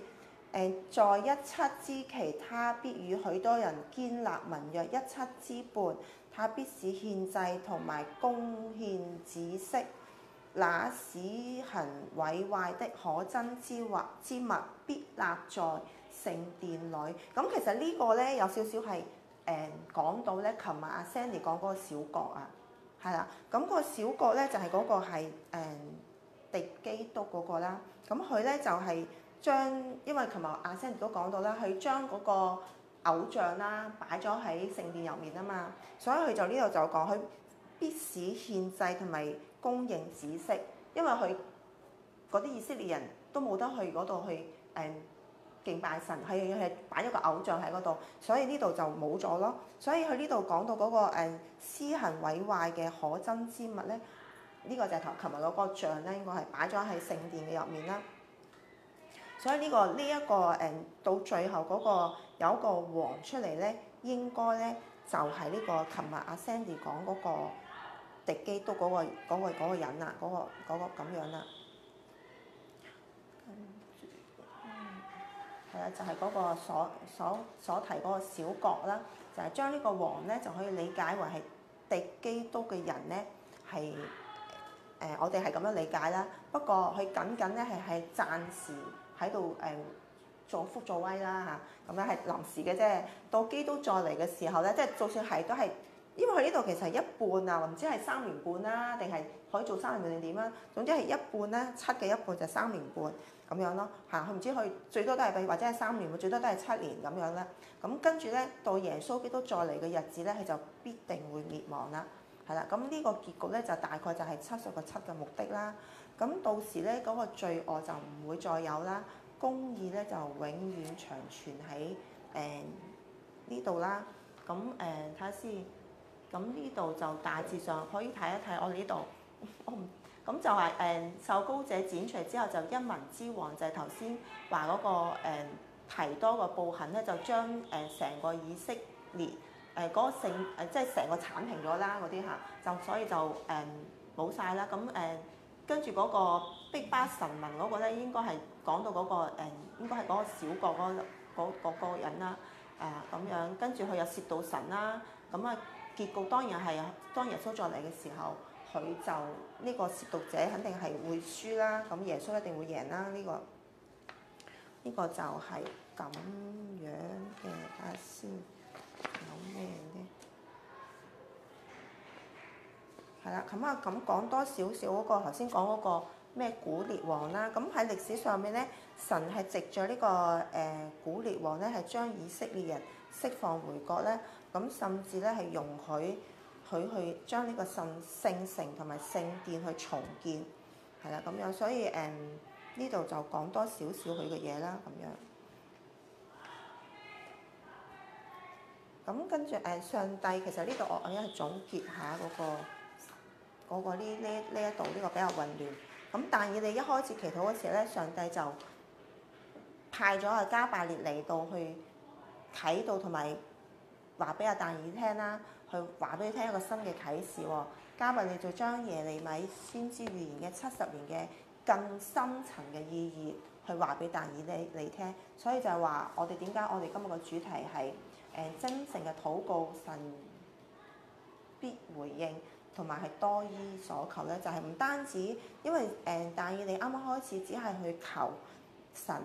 嗯嗯、一七之期，他必與許多人建立盟約；一七之半，他必使獻祭同埋供獻止息。那使行毀壞的可憎之，之物之物，必立在聖殿裏。咁、嗯、其實個呢個咧有少少係誒講到咧，琴日阿 Sandy 講嗰個小角啊。係啦，咁、嗯那個小角咧就係、是、嗰個係誒敵基督嗰、那個啦。咁佢咧就係、是、將，因為琴日阿 Sir 都講到啦，佢將嗰個偶像啦擺咗喺聖殿入面啊嘛，所以佢就呢度就講佢必使獻祭同埋供應止息，因為佢嗰啲以色列人都冇得去嗰度去誒。嗯敬拜神係係擺咗個偶像喺嗰度，所以呢度就冇咗咯。所以佢呢度講到嗰、那個誒私行毀壞嘅可憎之物咧，呢、這個就係頭琴日嗰個像咧，應該係擺咗喺聖殿嘅入面啦。所以呢、這個呢一、這個誒到最後嗰、那個有一個王出嚟咧，應該咧就係呢、這個琴日阿 Sandy 講嗰、那個迪基督嗰、那個嗰、那個那個、人啦，嗰、那個嗰咁、那個、樣啦。係啊，， [noise] 就係、是、嗰個所所所提嗰個小國啦，小角，就係、是、將呢個王咧就是，可以理解為係敵基督嘅人咧，係誒、呃、我哋係咁樣理解啦。不過佢僅僅咧係係暫時喺度誒作福作威啦，嚇，咁樣係臨時嘅啫。到基督再嚟嘅時候咧，即係就算係都係。因為佢呢度其實係一半啊，唔知係三年半啦，定係可以做三年半定點啦。總之係一半咧，七嘅一半就三年半咁樣咯。嚇，佢唔知佢最多都係或者係三年，最多都係七年咁樣咧。咁跟住咧，到耶穌基督再嚟嘅日子咧，佢就必定會滅亡啦。係啦，咁呢個結局咧就大概就係七十個七嘅目的啦。咁到時咧嗰、嗰個罪惡就唔會再有啦，公義咧就永遠長存喺誒呢度啦。咁、呃、誒，睇下先。呃看看咁呢度就大致上可以睇一睇我哋呢度，咁、哦嗯、就係、是、誒、嗯、受膏者剪除之後就一民之王就係頭先話嗰個、嗯、提多個布痕咧，就將誒成個以色列誒嗰、呃那個聖即係成個剷平咗啦嗰啲嚇，就，是、就所以就誒冇晒啦。咁誒跟住嗰個逼巴神民嗰個咧，應該係講到嗰、那個誒、嗯、應該係嗰個小哥哥、那個嗰、那個人啦啊咁、呃、樣，跟住佢又涉到神啦，咁啊～、嗯結局當然係當耶穌再嚟嘅時候，佢就呢、這個涉毒者肯定係會輸啦。咁耶穌一定會贏啦。呢、這個呢、這個就係咁樣嘅。睇下先有咩咧？係啦，咁啊咁講多少少嗰個頭先講嗰個咩古列王啦。咁喺歷史上面咧，神係藉著呢、這個誒、呃、古列王咧，係將以色列人釋放回國咧。咁甚至咧係容許佢去將呢個聖聖城同埋聖殿去重建，係啦咁樣。所以誒呢度就講多少少佢嘅嘢啦咁樣。咁、嗯、跟住誒、嗯、上帝其實呢度我係總結一下嗰個嗰個呢呢呢一度呢個比較混亂。咁但係你一開始祈禱嘅時候咧，上帝就派咗阿加百列嚟到去睇到同埋。話俾阿但以理聽啦，佢話俾你聽一個新嘅啟示喎。加埋你就將耶利米先知預言嘅七十年嘅更深層嘅意義，去話俾但以理你你聽。所以就係話我哋點解我哋今日個主題係誒真誠嘅禱告，神必回應，同埋係多於所求咧？就係、是、唔單止，因為誒但以理你啱啱開始只係去求神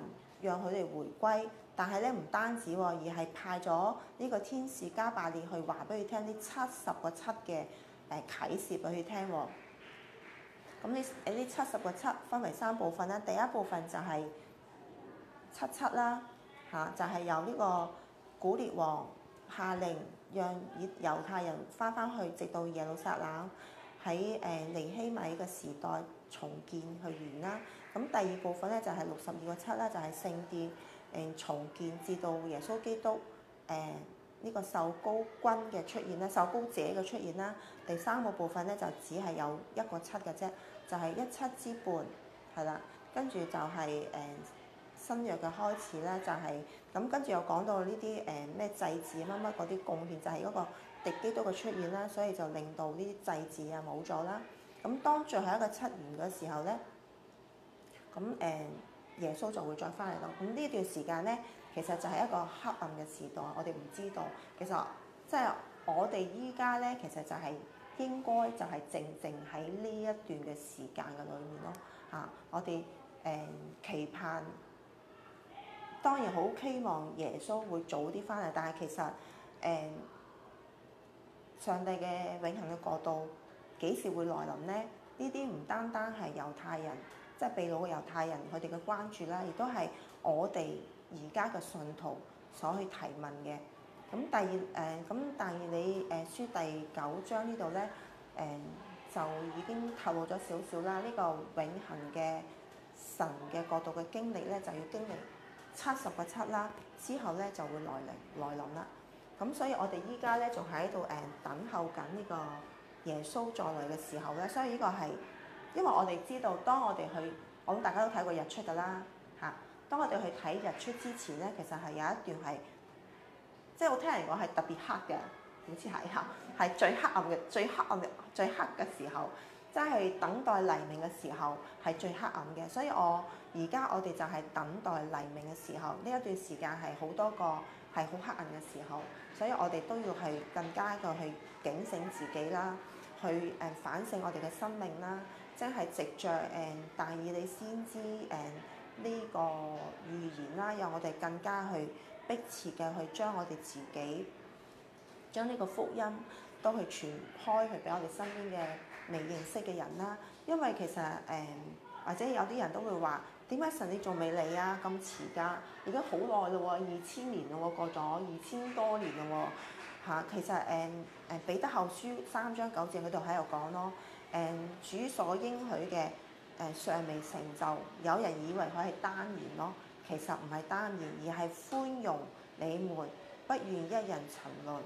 讓佢哋回歸。但係咧唔單止喎，而係派咗呢個天使加百列去話俾佢聽呢七十個七嘅誒啟示俾佢聽喎。咁呢誒呢七十個七分為三部分啦。第一部分就係七七啦，嚇就係、是、由呢個古列王下令，讓猶太人翻返去，直到耶路撒冷喺誒尼希米嘅時代重建去完啦。咁第二部分咧就係六十二個七啦，就係聖殿。誒重建至到耶穌基督誒呢、呃這個受膏君嘅出現啦，受膏者嘅出現啦。第三個部分咧就只係有一個七嘅啫，就係、是、一七之半，係啦。跟住就係、是、誒、呃、新約嘅開始咧，就係、是、咁跟住又講到呢啲誒咩祭祀乜乜嗰啲貢獻，就係、是、嗰個敵基督嘅出現啦，所以就令到呢啲祭祀啊冇咗啦。咁當最後一個七年嘅時候咧，咁誒。呃耶穌就會再翻嚟咯。咁呢段時間咧，其實就係一個黑暗嘅時代，我哋唔知道。其實即係我哋依家咧，其實就係應該就係靜靜喺呢一段嘅時間嘅裏面咯。嚇，我哋誒、呃、期盼，當然好希望耶穌會早啲翻嚟。但係其實誒、呃，上帝嘅永恆嘅過度，幾時會來臨咧？呢啲唔單單係猶太人。即係被擄嘅猶太人，佢哋嘅關注啦，亦都係我哋而家嘅信徒所去提問嘅。咁第二誒，咁但，呃、以理、呃、書第九章呢度咧，誒、呃、就已經透露咗少少啦。呢、這個永恆嘅神嘅角度嘅經歷咧，就要經歷七十個七啦，之後咧就會來臨來臨啦。咁所以我，我哋依家咧仲喺度誒等候緊呢個耶穌再來嘅時候咧。所以呢個係。因為我哋知道當，當我哋去，我諗大家都睇過日出噶啦嚇。當我哋去睇日出之前咧，其實係有一段係，即係我聽人講係特別黑嘅，好似係嚇，係最黑暗嘅、最黑暗嘅、最黑嘅時候，即係等待黎明嘅時候係最黑暗嘅。所以我而家我哋就係等待黎明嘅時候，呢一段時間係好多個係好黑暗嘅時候，所以我哋都要去更加一個去警醒自己啦，去誒反省我哋嘅生命啦。真係藉着，誒但以理先知誒呢個預言啦，讓我哋更加去迫切嘅去將我哋自己將呢個福音都去傳開，去俾我哋身邊嘅未認識嘅人啦。因為其實誒，或者有啲人都會話：點解神你仲未嚟啊？咁遲㗎，已經好耐咯喎，二千年咯喎，過咗二千多年咯喎，吓！其實誒誒彼得後書三章九節佢度喺度講咯。主所應許嘅誒尚未成就，有人以為佢係耽延咯，其實唔係耽延，而係寬容你們，不願一人沉淪，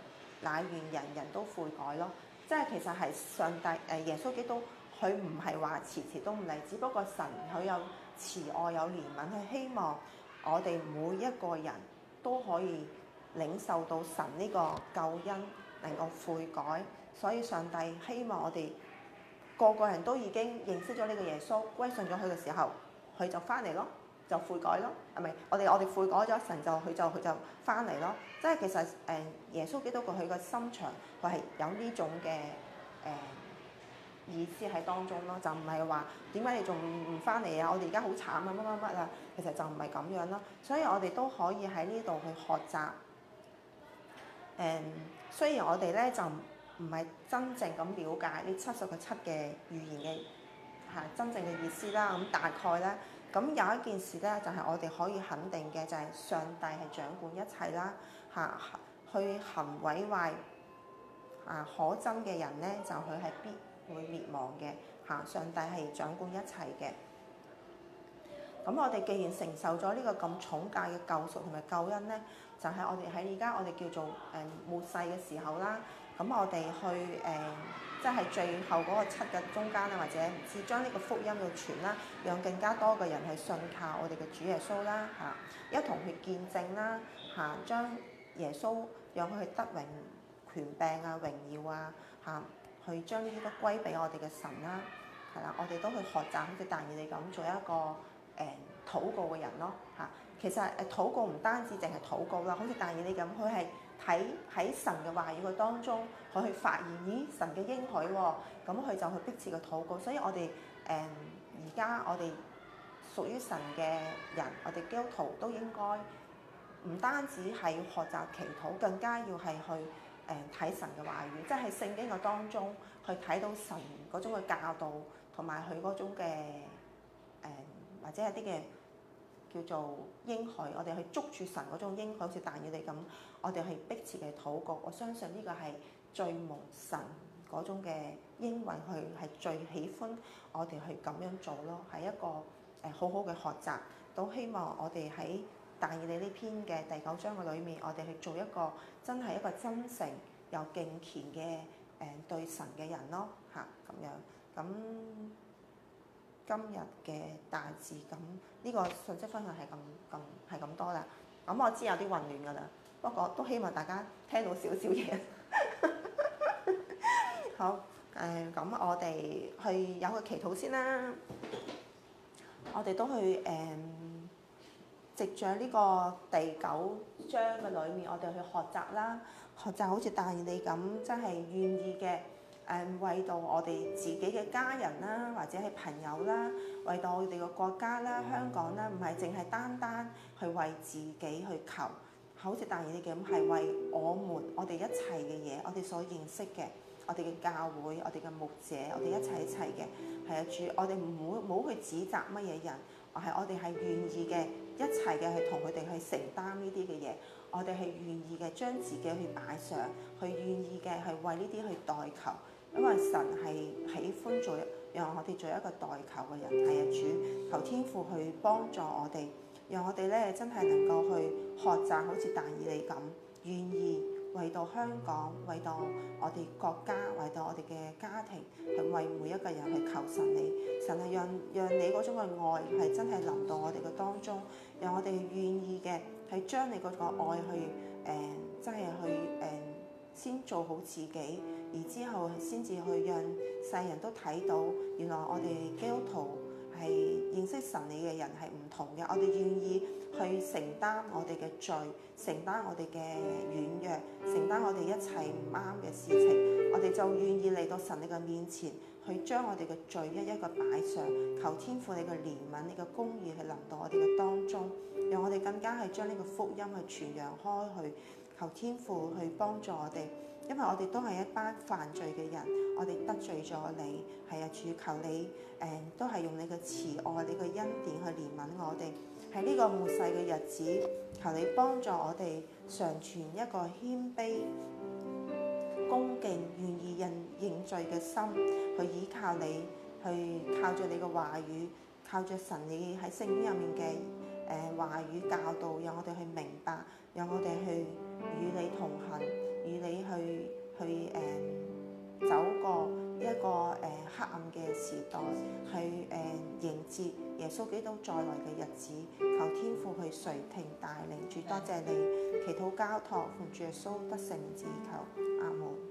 乃願人人都悔改咯。即係其實係上帝耶穌基督，佢唔係話遲遲都唔嚟，只不過神佢有慈愛有憐憫。佢希望我哋每一個人都可以領受到神呢個救恩，令我悔改，所以上帝希望我哋。個個人都已經認識咗呢個耶穌，歸信咗佢嘅時候，佢就翻嚟咯，就悔改咯。係咪？我哋我哋悔改咗，神就佢就佢就翻嚟咯。即係其實誒，耶穌基督佢佢個心腸佢係有呢種嘅誒、呃、意思喺當中咯，就唔係話點解你仲唔翻嚟啊？我哋而家好慘啊，乜乜乜啊！其實就唔係咁樣咯，所以我哋都可以喺呢度去學習誒。雖、呃、然我哋咧就。唔係真正咁了解呢七十個七嘅預言嘅嚇，真正嘅意思啦。咁大概咧，咁有一件事咧，就係我哋可以肯定嘅，就係、是、上帝係掌管一切啦嚇。去行毀壞啊可憎嘅人咧，就佢係必會滅亡嘅嚇。上帝係掌管一切嘅。咁我哋既然承受咗呢個咁重大嘅救贖同埋救恩咧，就係、是、我哋喺而家我哋叫做誒末世嘅時候啦。咁、嗯、我哋去誒，即、嗯、係最後嗰個七嘅中間啊，或者唔知將呢個福音去傳啦，讓更加多嘅人去信靠我哋嘅主耶穌啦嚇，一同去見證啦嚇、啊，將耶穌讓佢去得榮權柄啊、榮耀啊嚇，去將呢啲都歸俾我哋嘅神啦，係、啊、啦、啊，我哋都去學習，好似但以理咁做一個誒禱、嗯、告嘅人咯。啊其實誒禱告唔單止淨係禱告啦，好似但以理咁，佢係睇喺神嘅話語嘅當中，佢去發現，咦，神嘅應許喎，咁佢就去逼切嘅禱告。所以我哋誒而家我哋屬於神嘅人，我哋基督徒都應該唔單止係學習祈禱，更加要係去誒睇、嗯、神嘅話語，即係喺聖經嘅當中去睇到神嗰種嘅教導同埋佢嗰種嘅誒、嗯、或者一啲嘅。叫做英雄，我哋去捉住神嗰種英雄，好似但以理咁，我哋去迫切嘅禱告，我相信呢個係最蒙神嗰種嘅英雄，佢係最喜歡我哋去咁樣做咯，係一個誒好好嘅學習，都希望我哋喺但以理呢篇嘅第九章嘅裏面，我哋去做一個真係一個真誠又敬虔嘅誒對神嘅人咯，吓咁樣。咁。今日嘅大致咁呢個信息分享係咁咁係咁多啦。咁我知有啲混亂㗎啦，不過都希望大家聽到少少嘢。 [laughs] 好，誒、呃、咁我哋去有個祈禱先啦。我哋都去誒、呃，藉著呢個第九章嘅裏面，我哋去學習啦，學習好似但以理咁，真係願意嘅。誒為到我哋自己嘅家人啦，或者係朋友啦，為到我哋個國家啦、香港啦，唔係淨係單單去為自己去求，好似但以理咁，係為我們我哋一切嘅嘢，我哋所認識嘅，我哋嘅教會，我哋嘅牧者，我哋一切一切嘅，係啊主，我哋唔好唔去指責乜嘢人，係我哋係願意嘅，一齊嘅去同佢哋去承擔呢啲嘅嘢。我哋係願意嘅，將自己去擺上，去願意嘅係為呢啲去代求，因為神係喜歡做，讓我哋做一個代求嘅人，係啊主，求天父去幫助我哋，讓我哋咧真係能夠去學習，好似但以理咁願意為到香港，為到我哋國家，為到我哋嘅家庭，去為每一個人去求神你，神係讓讓你嗰種嘅愛係真係臨到我哋嘅當中，讓我哋願意嘅。係將你嗰個愛去，誒、呃，真係去，誒、呃，先做好自己，而之後先至去讓世人都睇到，原來我哋基督徒係認識神你嘅人係唔同嘅，我哋願意去承擔我哋嘅罪，承擔我哋嘅軟弱，承擔我哋一切唔啱嘅事情，我哋就願意嚟到神你嘅面前。佢將我哋嘅罪一一個擺上，求天父你嘅憐憫，你嘅公義去臨到我哋嘅當中，讓我哋更加係將呢個福音去傳揚開去，求天父去幫助我哋，因為我哋都係一班犯罪嘅人，我哋得罪咗你，係啊，主求你誒、呃、都係用你嘅慈愛、你嘅恩典去憐憫我哋，喺呢個末世嘅日子，求你幫助我哋常存一個謙卑。恭敬、願意認認罪嘅心，去依靠你，去靠着你嘅話語，靠着神你喺聖經入面嘅誒、呃、話語教導，讓我哋去明白，讓我哋去與你同行，與你去去誒、呃、走過。一個誒、呃、黑暗嘅時代，去誒、呃、迎接耶穌基督再來嘅日子，求天父去垂聽帶領。主，多謝你，祈禱交託，奉主耶穌得勝，只求阿門。